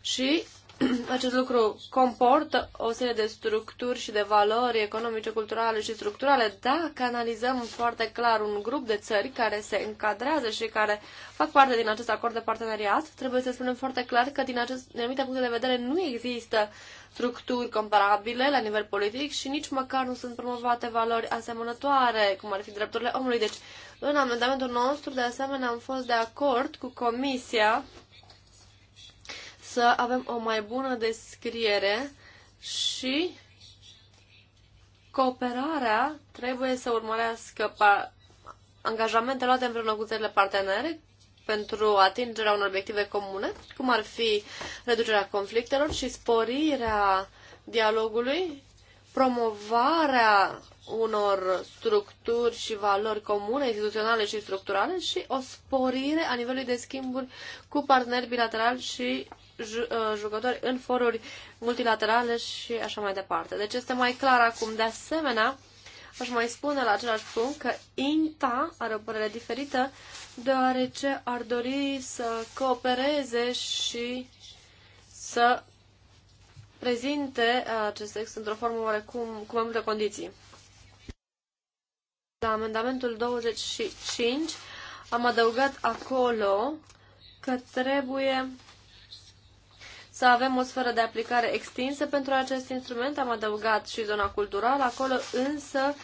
și acest lucru comportă o serie de structuri și de valori economice, culturale și structurale. Dacă analizăm foarte clar un grup de țări care se încadrează și care fac parte din acest acord de parteneriat, trebuie să spunem foarte clar că din, acest, din anumite puncte de vedere nu există structuri comparabile la nivel politic și nici măcar nu sunt promovate valori asemănătoare, cum ar fi drepturile omului. Deci, în amendamentul nostru, de asemenea, am fost de acord cu Comisia să avem o mai bună descriere și cooperarea trebuie să urmărească angajamente luate împreună cu țările partenere pentru atingerea unor obiective comune, cum ar fi reducerea conflictelor și sporirea dialogului, promovarea unor structuri și valori comune, instituționale și structurale și o sporire a nivelului de schimburi cu parteneri bilaterali și Uh, jucători în foruri multilaterale și așa mai departe. Deci este mai clar acum. De asemenea, aș mai spune la același punct că INTA are o părere diferită, deoarece ar dori să coopereze și să prezinte uh, acest text într-o formă oarecum cu mai multe condiții. La amendamentul 25 am adăugat acolo că trebuie să avem o sferă de aplicare extinsă pentru acest instrument. Am adăugat și zona culturală acolo, însă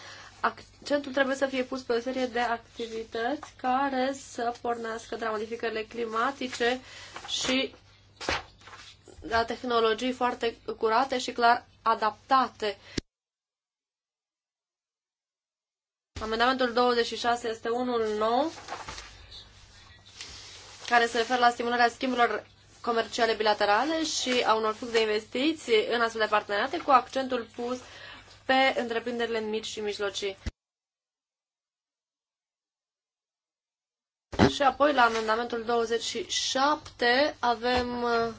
accentul trebuie să fie pus pe o serie de activități care să pornească de la modificările climatice și la tehnologii foarte curate și clar adaptate. Amendamentul 26 este unul nou care se referă la stimularea schimburilor comerciale bilaterale și a unor flux de investiții în astfel de parteneriate, cu accentul pus pe întreprinderile mici și mijlocii. Și apoi, la amendamentul 27, avem uh,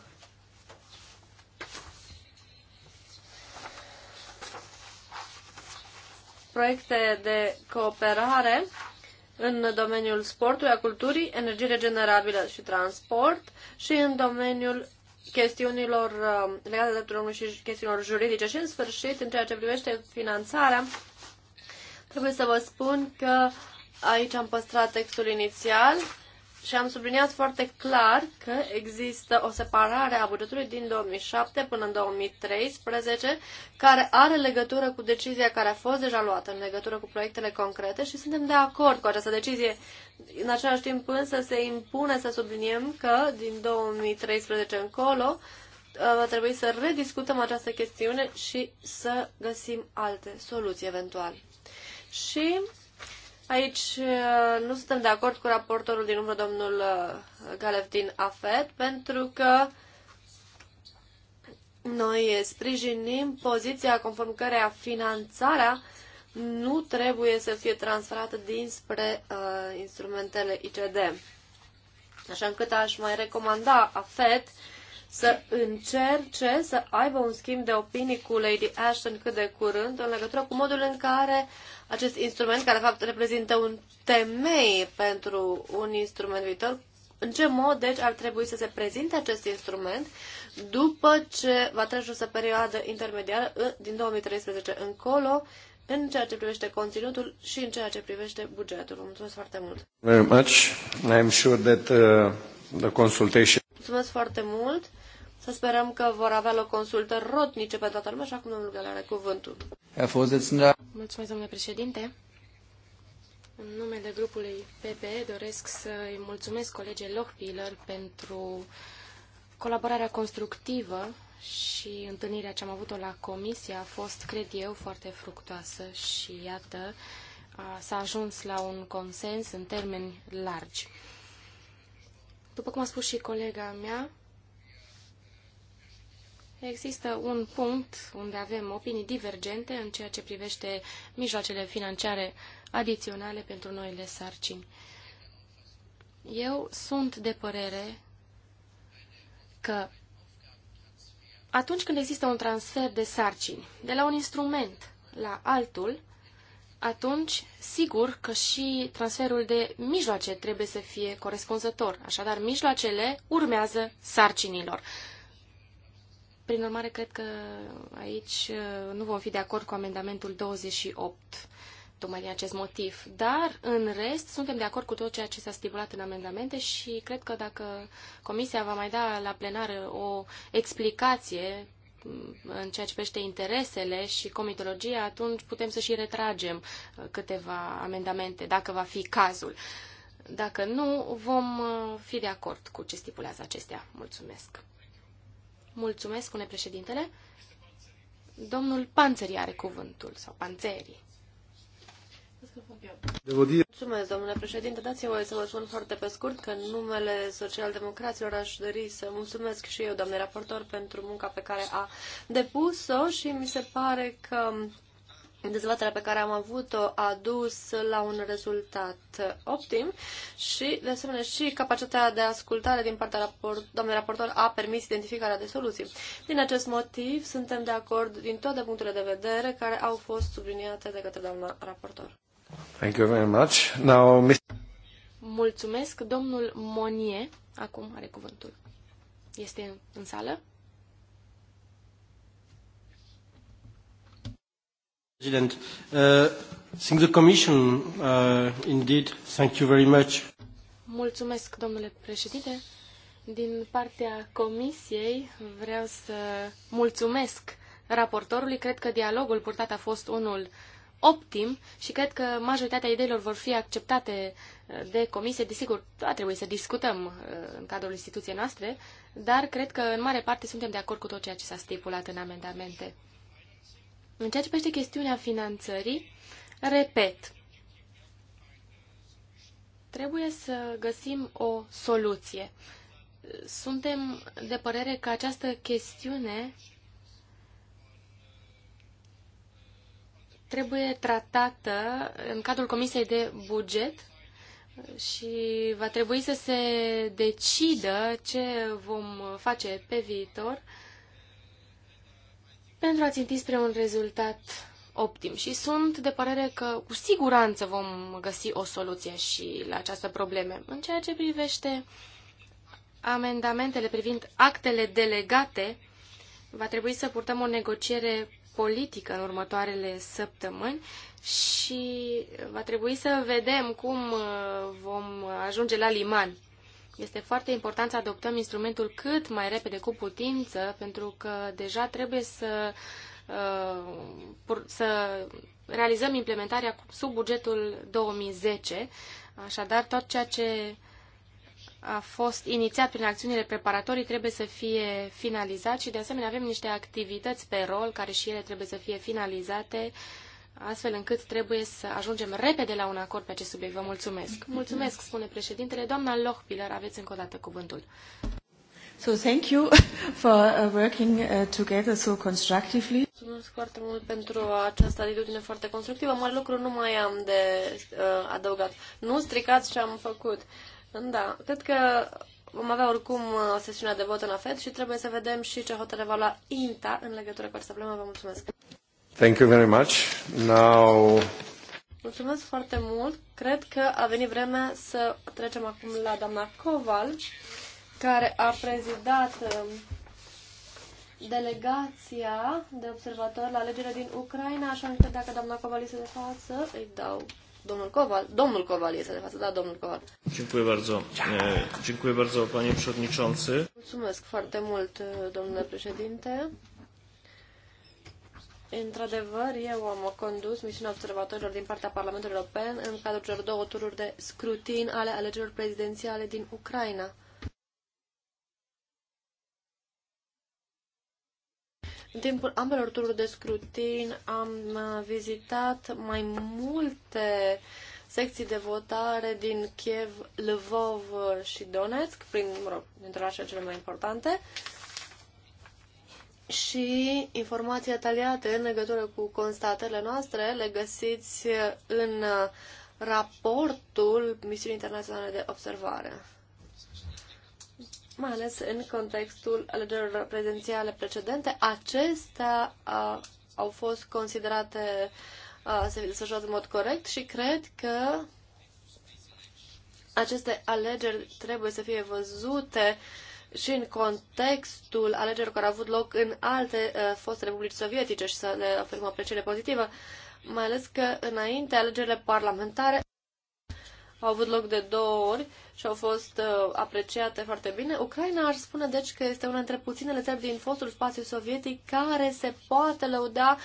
proiecte de cooperare în domeniul sportului, a culturii, energie regenerabilă și transport și în domeniul chestiunilor uh, legate de drumul și chestiunilor juridice. Și în sfârșit, în ceea ce privește finanțarea, trebuie să vă spun că aici am păstrat textul inițial și am subliniat foarte clar că există o separare a bugetului din 2007 până în 2013, care are legătură cu decizia care a fost deja luată în legătură cu proiectele concrete și suntem de acord cu această decizie. În același timp însă se impune să subliniem că din 2013 încolo uh, va trebui să rediscutăm această chestiune și să găsim alte soluții eventual. Și Aici uh, nu suntem de acord cu raportorul din umbră, domnul uh, Galev din AFET, pentru că noi sprijinim poziția conform căreia finanțarea nu trebuie să fie transferată dinspre uh, instrumentele ICD. Așa încât aș mai recomanda AFET uh, să încerce să aibă un schimb de opinii cu Lady Ashton cât de curând în legătură cu modul în care acest instrument, care de fapt reprezintă un temei pentru un instrument viitor, în ce mod, deci, ar trebui să se prezinte acest instrument după ce va trece o perioadă intermediară din 2013 încolo, în ceea ce privește conținutul și în ceea ce privește bugetul. Mulțumesc foarte mult! Very much. I'm sure that uh, the consultation Mulțumesc foarte mult! Să sperăm că vor avea loc consultări rotnice pe toată lumea așa cum domnul Gale are cuvântul. Mulțumesc, domnule președinte! În numele grupului PPE doresc să i mulțumesc colegii Lochpiller pentru colaborarea constructivă și întâlnirea ce am avut-o la comisie a fost, cred eu, foarte fructoasă și iată, s-a ajuns la un consens în termeni largi. După cum a spus și colega mea, Există un punct unde avem opinii divergente în ceea ce privește mijloacele financiare adiționale pentru noile sarcini. Eu sunt de părere că atunci când există un transfer de sarcini de la un instrument la altul, atunci sigur că și transferul de mijloace trebuie să fie corespunzător. Așadar, mijloacele urmează sarcinilor. Prin urmare, cred că aici uh, nu vom fi de acord cu amendamentul 28, tocmai din acest motiv. Dar, în rest, suntem de acord cu tot ceea ce s-a stipulat în amendamente și cred că dacă Comisia va mai da la plenar o explicație în ceea ce privește interesele și comitologia, atunci putem să și retragem uh, câteva amendamente, dacă va fi cazul. Dacă nu, vom uh, fi de acord cu ce stipulează acestea. Mulțumesc. Mulțumesc, spune președintele. Domnul Panțării are cuvântul, sau Panțării. Mulțumesc, domnule președinte. Dați-mi voie să vă spun foarte pe scurt că în numele socialdemocraților aș dori să mulțumesc și eu, doamne raportor, pentru munca pe care a depus-o și mi se pare că dezbaterea pe care am avut-o a dus la un rezultat optim și, de asemenea, și capacitatea de ascultare din partea raport, doamnei raportor a permis identificarea de soluții. Din acest motiv, suntem de acord din toate punctele de vedere care au fost subliniate de către doamna raportor. Thank you very much. Now, Mr. Mulțumesc. Domnul Monie, acum are cuvântul. Este în sală? President, uh, the Commission, uh, indeed, thank you very much. Mulțumesc, domnule președinte. Din partea Comisiei vreau să mulțumesc raportorului. Cred că dialogul purtat a fost unul uh, optim și cred că majoritatea ideilor vor fi acceptate uh, de comisie. Desigur, va trebui să discutăm uh, în cadrul instituției noastre, dar cred că în mare parte suntem de acord cu tot ceea ce s-a stipulat în amendamente. În ceea ce privește chestiunea finanțării, repet, trebuie să găsim o soluție. Suntem de părere că această chestiune trebuie tratată în cadrul Comisiei de Buget și va trebui să se decidă ce vom face pe viitor pentru a ținti spre un rezultat optim și sunt de părere că cu siguranță vom găsi o soluție și la această probleme. În ceea ce privește amendamentele privind actele delegate, va trebui să purtăm o negociere politică în următoarele săptămâni și va trebui să vedem cum uh, vom ajunge la liman. Este foarte important să adoptăm instrumentul cât mai repede cu putință, pentru că deja trebuie să, uh, să realizăm implementarea sub bugetul 2010. Așadar, tot ceea ce a fost inițiat prin acțiunile preparatorii trebuie să fie finalizat și de asemenea avem niște activități pe rol care și ele trebuie să fie finalizate astfel încât trebuie să ajungem repede la un acord pe acest subiect. Vă mulțumesc. Mulțumesc, spune președintele. Doamna Lochbiller, aveți încă o dată cuvântul. So thank you for uh, working uh, together so constructively. Mulțumesc foarte mult pentru această atitudine foarte constructivă. Mare lucru nu mai am de uh, adăugat. Nu stricați ce am făcut. Uh, da, cred că vom avea oricum o uh, sesiune de vot în afet și trebuie să vedem și ce hotărâre va lua INTA în legătură cu această problemă. Vă mulțumesc! Thank you very much. Now... Mulțumesc foarte mult. Cred că a venit vremea să trecem acum la doamna Coval, care a prezidat um, delegația de observatori la alegerile din Ucraina, așa încât dacă doamna Coval este de față, îi dau Domnul Kowal, domnul Kowal este de față, da, domnul Kowal. Dziękuję bardzo. Dziękuję bardzo, panie przewodniczący. Mulțumesc foarte mult, domnule președinte. Într-adevăr, eu am condus misiunea observatorilor din partea Parlamentului European în cadrul celor două tururi de scrutin ale alegerilor prezidențiale din Ucraina. În timpul ambelor tururi de scrutin am vizitat mai multe secții de votare din Kiev, Lvov și Donetsk, prin, mă rog, dintre așa cele mai importante, și informații detaliate în legătură cu constatele noastre le găsiți în raportul misiunii internaționale de observare mai ales în contextul alegerilor prezidențiale precedente. Acestea uh, au fost considerate să se desfășurat în mod corect și cred că aceste alegeri trebuie să fie văzute și în contextul alegerilor care au avut loc în alte uh, foste republici sovietice și să le oferim o apreciere pozitivă, mai ales că înainte alegerile parlamentare au avut loc de două ori și au fost uh, apreciate foarte bine. Ucraina ar spune deci că este una dintre puținele țări din fostul spațiu sovietic care se poate lăuda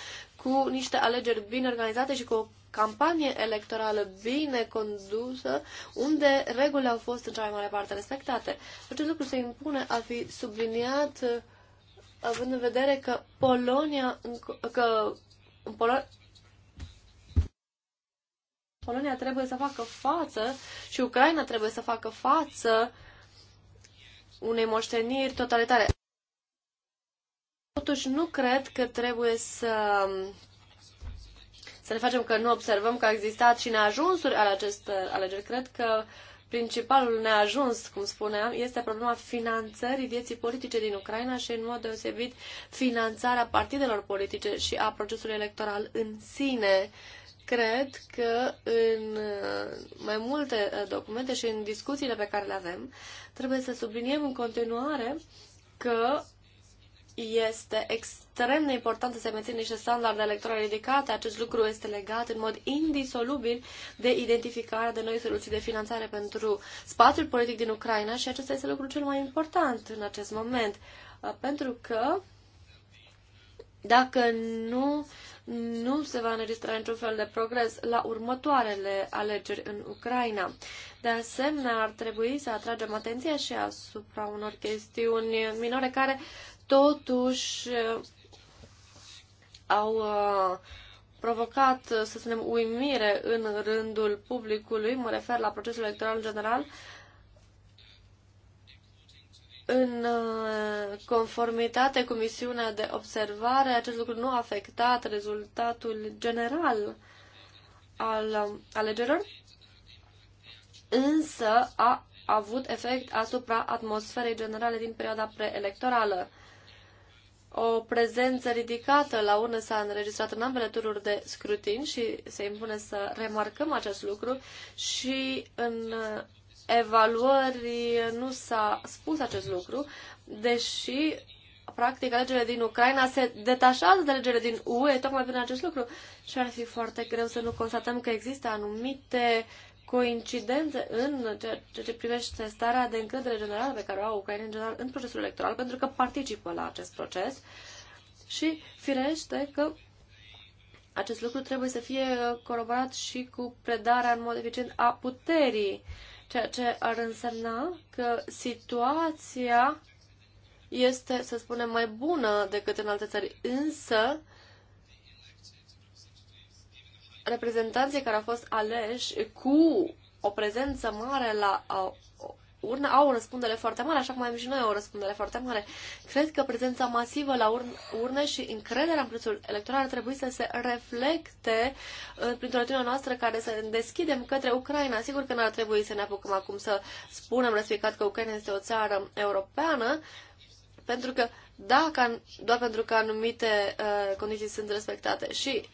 cu niște alegeri bine organizate și cu o campanie electorală bine condusă, unde regulile au fost în cea mai mare parte respectate. Acest lucru se impune a fi subliniat uh, având în vedere că Polonia, că în Polonia, Polonia trebuie să facă față și Ucraina trebuie să facă față unei moșteniri totalitare. Totuși, nu cred că trebuie să, să ne facem că nu observăm că a existat și neajunsuri ale acestor alegeri. Cred că principalul neajuns, cum spuneam, este problema finanțării vieții politice din Ucraina și, în mod deosebit, finanțarea partidelor politice și a procesului electoral în sine cred că în uh, mai multe uh, documente și în discuțiile pe care le avem, trebuie să subliniem în continuare că este extrem de important să se mențină niște standarde electorale ridicate. Acest lucru este legat în mod indisolubil de identificarea de noi soluții de finanțare pentru spațiul politic din Ucraina și acesta este lucrul cel mai important în acest moment. Uh, pentru că dacă nu nu se va înregistra niciun fel de progres la următoarele alegeri în Ucraina. De asemenea, ar trebui să atragem atenția și asupra unor chestiuni minore care totuși au uh, provocat, să spunem, uimire în rândul publicului, mă refer la procesul electoral în general, în uh, conformitate cu misiunea de observare, acest lucru nu a afectat rezultatul general al um, alegerilor, însă a avut efect asupra atmosferei generale din perioada preelectorală. O prezență ridicată la urnă s-a înregistrat în ambele tururi de scrutin și se impune să remarcăm acest lucru și în uh, evaluări nu s-a spus acest lucru, deși practic alegerile din Ucraina se detașează de alegerile din UE tocmai prin acest lucru și ar fi foarte greu să nu constatăm că există anumite coincidențe în ceea ce privește starea de încredere generală pe care o au Ucraina în general în procesul electoral, pentru că participă la acest proces și firește că acest lucru trebuie să fie coroborat și cu predarea în mod eficient a puterii. Uh, ceea ce ar însemna că situația este, să spunem, mai bună decât în alte țări, însă reprezentanții care au fost aleși cu o prezență mare la urne au o răspundere foarte mare, așa cum avem și noi o răspundere foarte mare. Cred că prezența masivă la urne și încrederea în prețul electoral ar trebui să se reflecte uh, printr-o atitudine noastră care să ne deschidem către Ucraina. Sigur că n-ar trebui să ne apucăm acum să spunem răspicat că Ucraina este o țară europeană, pentru că dacă, doar pentru că anumite uh, condiții sunt respectate și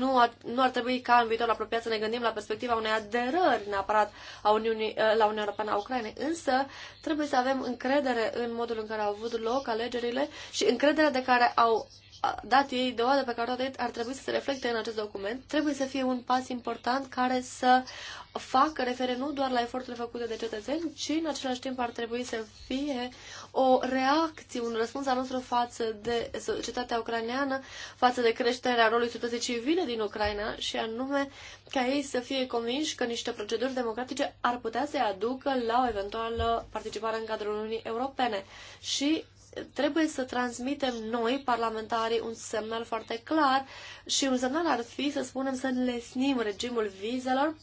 nu ar, nu ar trebui ca în viitorul apropiat să ne gândim la perspectiva unei aderări neapărat a Uniunii, eh, la Uniunea Europeană a Ucrainei, însă trebuie să avem încredere în modul în care au avut loc alegerile și încrederea de care au dat ei, dovadă pe care o dat ar trebui să se reflecte în acest document, trebuie să fie un pas important care să facă refere nu doar la eforturile făcute de cetățeni, ci în același timp ar trebui să fie o reacție, un răspuns al nostru față de societatea ucraineană, față de creșterea rolului societății civile din Ucraina și anume ca ei să fie convinși că niște proceduri democratice ar putea să aducă la o eventuală participare în cadrul Uniunii Europene. Și trebuie să transmitem noi, parlamentarii, un semnal foarte clar și un semnal ar fi să spunem să înlesnim regimul vizelor,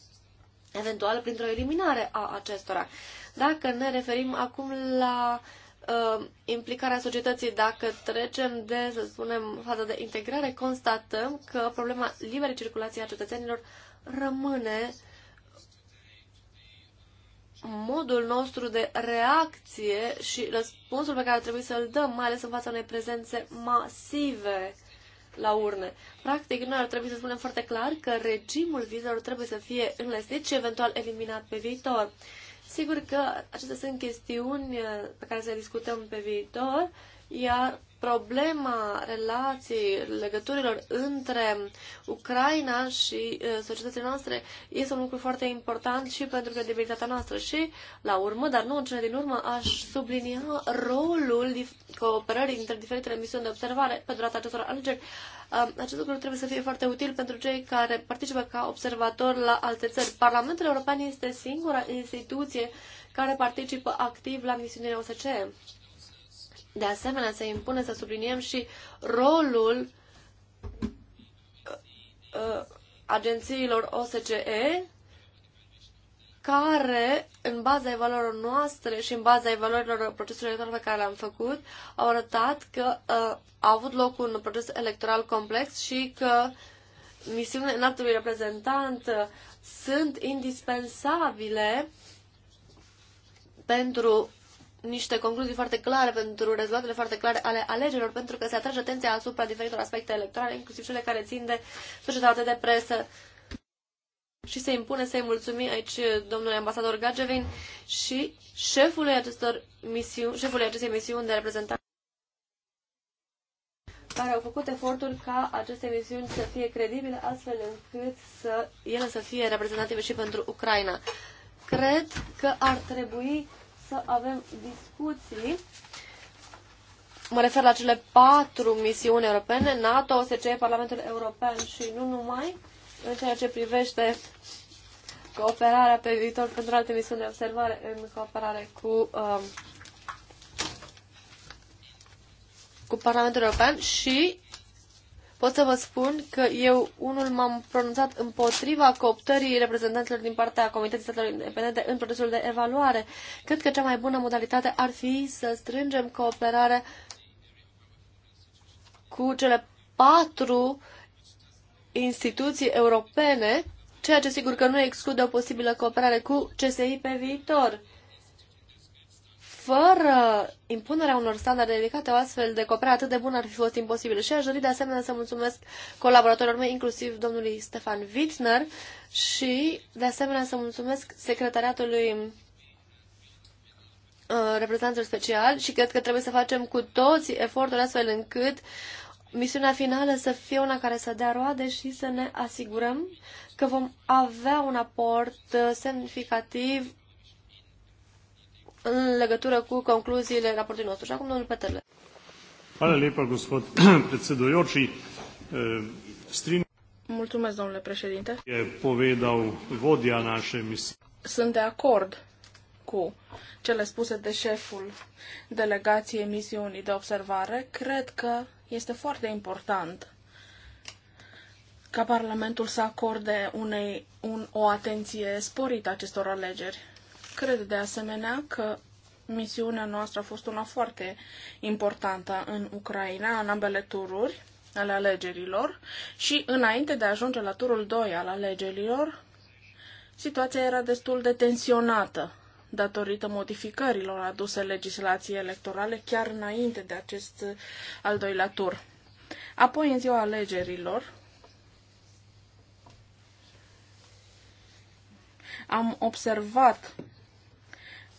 eventual printr-o eliminare a acestora. Dacă ne referim acum la uh, implicarea societății, dacă trecem de, să spunem, faza de integrare, constatăm că problema liberei circulației a cetățenilor rămâne uh, modul nostru de reacție și răspunsul pe care trebuie să-l dăm, mai ales în fața unei prezențe masive la urne. Practic, noi ar trebui să spunem foarte clar că regimul vizelor trebuie să fie înlesnit și eventual eliminat pe viitor. Sigur că acestea sunt chestiuni pe care să le discutăm pe viitor, iar problema relației, legăturilor între Ucraina și societățile noastre este un lucru foarte important și pentru credibilitatea noastră. Și, la urmă, dar nu în cele din urmă, aș sublinia rolul cooperării între diferitele misiuni de observare pe durata acestor alegeri. Acest lucru trebuie să fie foarte util pentru cei care participă ca observatori la alte țări. Parlamentul European este singura instituție care participă activ la misiunile OSCE. De asemenea, se impune să subliniem și rolul uh, uh, agențiilor OSCE, care, în baza evaluărilor noastre și în baza evaluărilor procesului electoral pe care le-am făcut, au arătat că uh, a avut loc un proces electoral complex și că misiunile înaltului reprezentant uh, sunt indispensabile pentru niște concluzii foarte clare pentru rezultatele foarte clare ale alegerilor, pentru că se atrage atenția asupra diferitor aspecte electorale, inclusiv cele care țin de societate de presă. Și se impune să-i mulțumim aici domnului ambasador Gagevin și șefului, acestor misiuni, șefului acestei misiuni de reprezentare care au făcut eforturi ca aceste misiuni să fie credibile, astfel încât să ele să fie reprezentative și pentru Ucraina. Cred că ar trebui să avem discuții mă refer la cele patru misiuni europene, NATO, OSCE, Parlamentul European și nu numai, în ceea ce privește cooperarea pe viitor pentru alte misiuni de observare în cooperare cu, uh, cu Parlamentul European și pot să vă spun că eu unul m-am pronunțat împotriva cooptării reprezentanților din partea Comitetului Statelor Independente în procesul de evaluare. Cred că cea mai bună modalitate ar fi să strângem cooperare cu cele patru instituții europene, ceea ce sigur că nu exclude o posibilă cooperare cu CSI pe viitor fără impunerea unor standarde dedicate, o astfel de cooperare atât de bună ar fi fost imposibilă. Și aș dori de asemenea să mulțumesc colaboratorilor mei, inclusiv domnului Stefan Wittner și de asemenea să mulțumesc secretariatului uh, reprezentanților special și cred că trebuie să facem cu toți efortul astfel încât misiunea finală să fie una care să dea roade și să ne asigurăm că vom avea un aport semnificativ în legătură cu concluziile raportului nostru. Și acum, domnul Peterle. Hvala lepa, gospod și Strin... Mulțumesc, domnule președinte. E povedal vodia naše misii. Sunt de acord cu cele spuse de șeful delegației misiunii de observare. Cred că este foarte important ca Parlamentul să acorde unei, un, o atenție sporită acestor alegeri. Cred de asemenea că misiunea noastră a fost una foarte importantă în Ucraina, în ambele tururi ale alegerilor și înainte de a ajunge la turul 2 al alegerilor, situația era destul de tensionată datorită modificărilor aduse legislației electorale chiar înainte de acest uh, al doilea tur. Apoi, în ziua alegerilor, am observat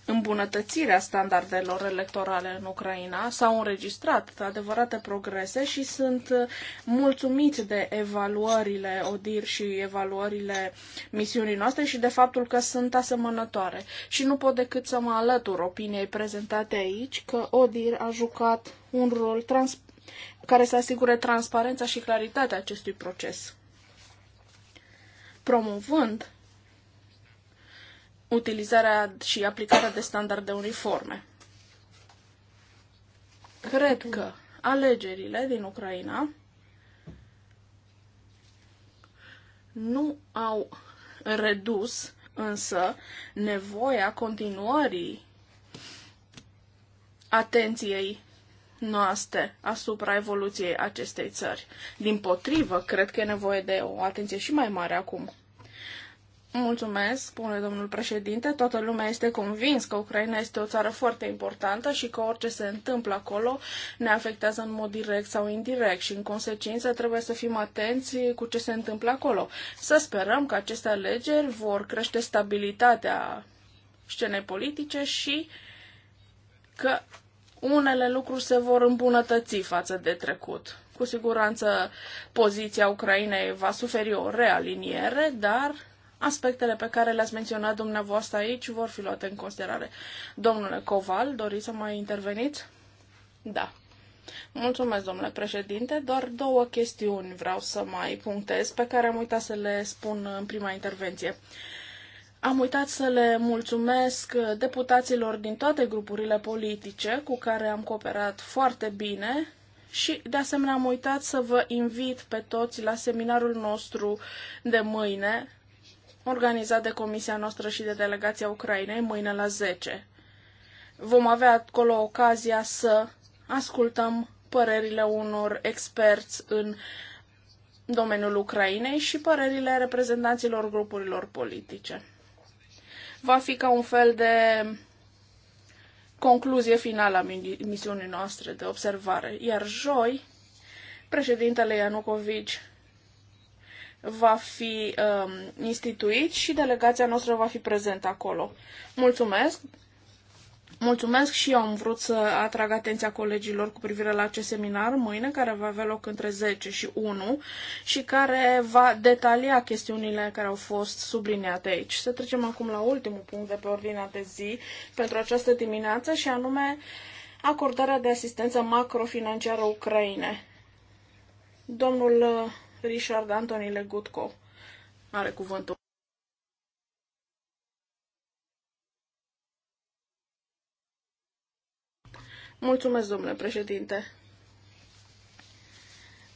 îmbunătățirea standardelor electorale în Ucraina. S-au înregistrat adevărate progrese și sunt mulțumiți de evaluările ODIR și evaluările misiunii noastre și de faptul că sunt asemănătoare. Și nu pot decât să mă alătur opiniei prezentate aici că ODIR a jucat un rol trans- care să asigure transparența și claritatea acestui proces. Promovând utilizarea și aplicarea de standarde uniforme. Cred că alegerile din Ucraina nu au redus însă nevoia continuării atenției noastre asupra evoluției acestei țări. Din potrivă, cred că e nevoie de o atenție și mai mare acum. Mulțumesc, spune domnul președinte. Toată lumea este convins că Ucraina este o țară foarte importantă și că orice se întâmplă acolo ne afectează în mod direct sau indirect și, în consecință, trebuie să fim atenți cu ce se întâmplă acolo. Să sperăm că aceste alegeri vor crește stabilitatea scenei politice și că unele lucruri se vor îmbunătăți față de trecut. Cu siguranță poziția Ucrainei va suferi o realiniere, dar Aspectele pe care le-ați menționat dumneavoastră aici vor fi luate în considerare. Domnule Coval, doriți să mai interveniți? Da. Mulțumesc, domnule președinte. Doar două chestiuni vreau să mai punctez, pe care am uitat să le spun în prima intervenție. Am uitat să le mulțumesc deputaților din toate grupurile politice cu care am cooperat foarte bine și, de asemenea, am uitat să vă invit pe toți la seminarul nostru de mâine organizat de comisia noastră și de delegația Ucrainei mâine la 10. Vom avea acolo ocazia să ascultăm părerile unor experți în domeniul Ucrainei și părerile reprezentanților grupurilor politice. Va fi ca un fel de concluzie finală a misiunii noastre de observare. Iar joi, președintele Ianucovici va fi um, instituit și delegația noastră va fi prezentă acolo. Mulțumesc! Mulțumesc și eu am vrut să atrag atenția colegilor cu privire la acest seminar mâine, care va avea loc între 10 și 1 și care va detalia chestiunile care au fost subliniate aici. Să trecem acum la ultimul punct de pe ordinea de zi pentru această dimineață și anume acordarea de asistență macrofinanciară Ucraine. Domnul uh, Richard Anthony Legutko. are cuvântul. Mulțumesc, domnule președinte.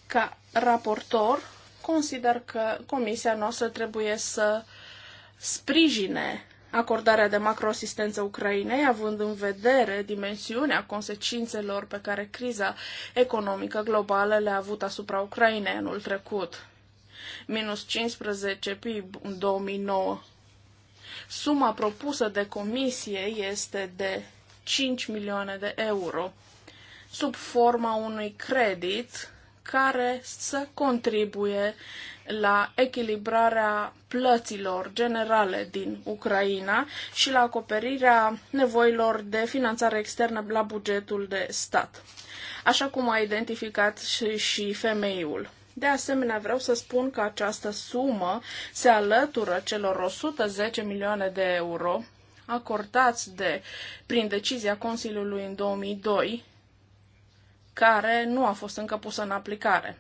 Ca raportor, consider că comisia noastră trebuie să sprijine acordarea de macroasistență Ucrainei, având în vedere dimensiunea consecințelor pe care criza economică globală le-a avut asupra Ucrainei anul trecut. Minus 15 PIB în 2009. Suma propusă de comisie este de 5 milioane de euro, sub forma unui credit care să contribuie la echilibrarea plăților generale din Ucraina și la acoperirea nevoilor de finanțare externă la bugetul de stat, așa cum a identificat și, și femeiul. De asemenea, vreau să spun că această sumă se alătură celor 110 milioane de euro acordați de, prin decizia Consiliului în 2002 care nu a fost încă pusă în aplicare.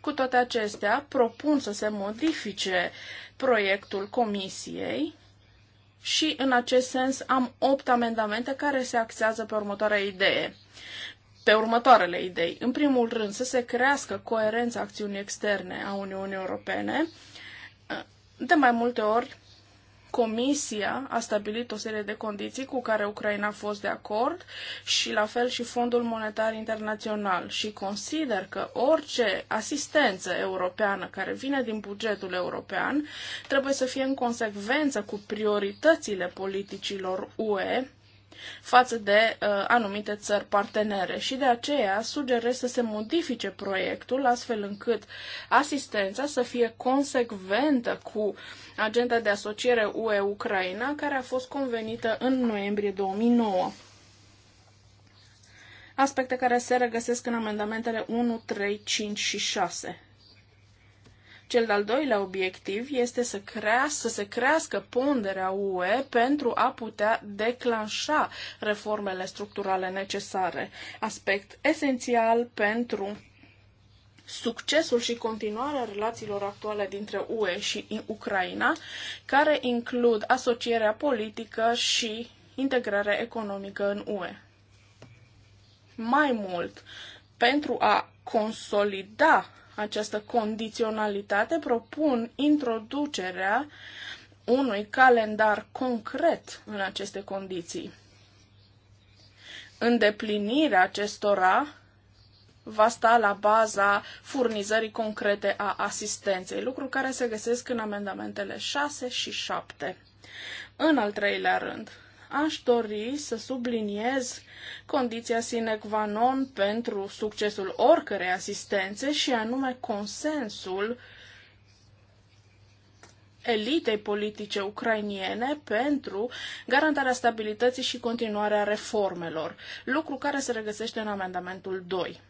Cu toate acestea, propun să se modifice proiectul comisiei și în acest sens am opt amendamente care se axează pe următoarea idee pe următoarele idei. În primul rând, să se crească coerența acțiunii externe a Uniunii Europene. De mai multe ori Comisia a stabilit o serie de condiții cu care Ucraina a fost de acord și la fel și Fondul Monetar Internațional și consider că orice asistență europeană care vine din bugetul european trebuie să fie în consecvență cu prioritățile politicilor UE față de uh, anumite țări partenere și de aceea sugerez să se modifice proiectul astfel încât asistența să fie consecventă cu agenda de asociere UE-Ucraina care a fost convenită în noiembrie 2009 aspecte care se regăsesc în amendamentele 1, 3, 5 și 6. Cel de-al doilea obiectiv este să, crească, să se crească ponderea UE pentru a putea declanșa reformele structurale necesare, aspect esențial pentru succesul și continuarea relațiilor actuale dintre UE și Ucraina, care includ asocierea politică și integrarea economică în UE. Mai mult, pentru a consolida această condiționalitate, propun introducerea unui calendar concret în aceste condiții. Îndeplinirea acestora va sta la baza furnizării concrete a asistenței, lucru care se găsesc în amendamentele 6 și 7. În al treilea rând, aș dori să subliniez condiția sine qua non pentru succesul oricărei asistențe și anume consensul elitei politice ucrainiene pentru garantarea stabilității și continuarea reformelor, lucru care se regăsește în amendamentul 2.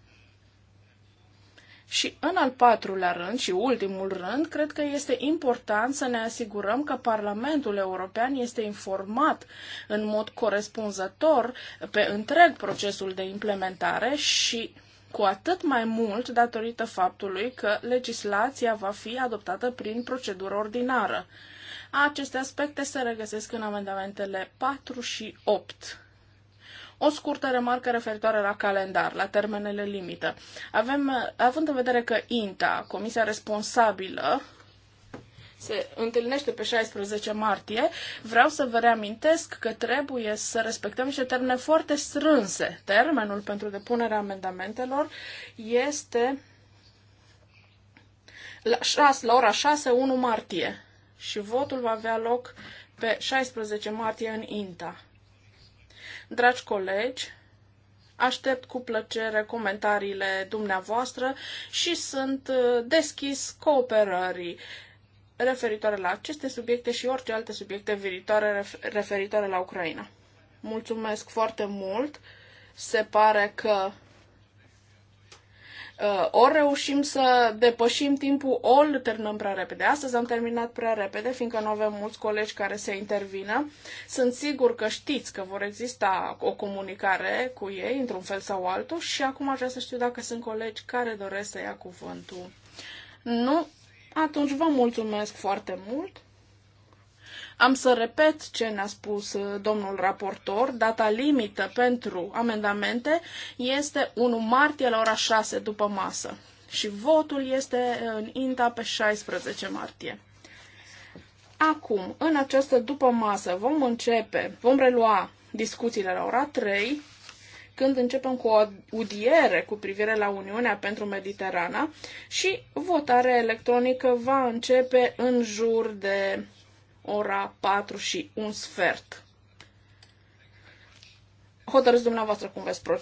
Și în al patrulea rând și ultimul rând, cred că este important să ne asigurăm că Parlamentul European este informat în mod corespunzător pe întreg procesul de implementare și cu atât mai mult datorită faptului că legislația va fi adoptată prin procedură ordinară. Aceste aspecte se regăsesc în amendamentele 4 și 8. O scurtă remarcă referitoare la calendar, la termenele limită. Avem, având în vedere că INTA, comisia responsabilă, se întâlnește pe 16 martie, vreau să vă reamintesc că trebuie să respectăm niște termene foarte strânse. Termenul pentru depunerea amendamentelor este la, 6, la ora 6, 1 martie și votul va avea loc pe 16 martie în INTA. Dragi colegi, aștept cu plăcere comentariile dumneavoastră și sunt uh, deschis cooperării referitoare la aceste subiecte și orice alte subiecte viitoare referitoare la Ucraina. Mulțumesc foarte mult! Se pare că Uh, ori reușim să depășim timpul, ori terminăm prea repede. Astăzi am terminat prea repede, fiindcă nu avem mulți colegi care să intervină. Sunt sigur că știți că vor exista o comunicare cu ei, într-un fel sau altul, și acum aș vrea să știu dacă sunt colegi care doresc să ia cuvântul. Nu? Atunci vă mulțumesc foarte mult am să repet ce ne-a spus uh, domnul raportor. Data limită pentru amendamente este 1 martie la ora 6 după masă și votul este uh, în INTA pe 16 martie. Acum, în această după masă, vom începe, vom relua discuțiile la ora 3, când începem cu o udiere cu privire la Uniunea pentru Mediterana și votarea electronică va începe în jur de ora 4 și un sfert. Hotărâți dumneavoastră cum veți proceda.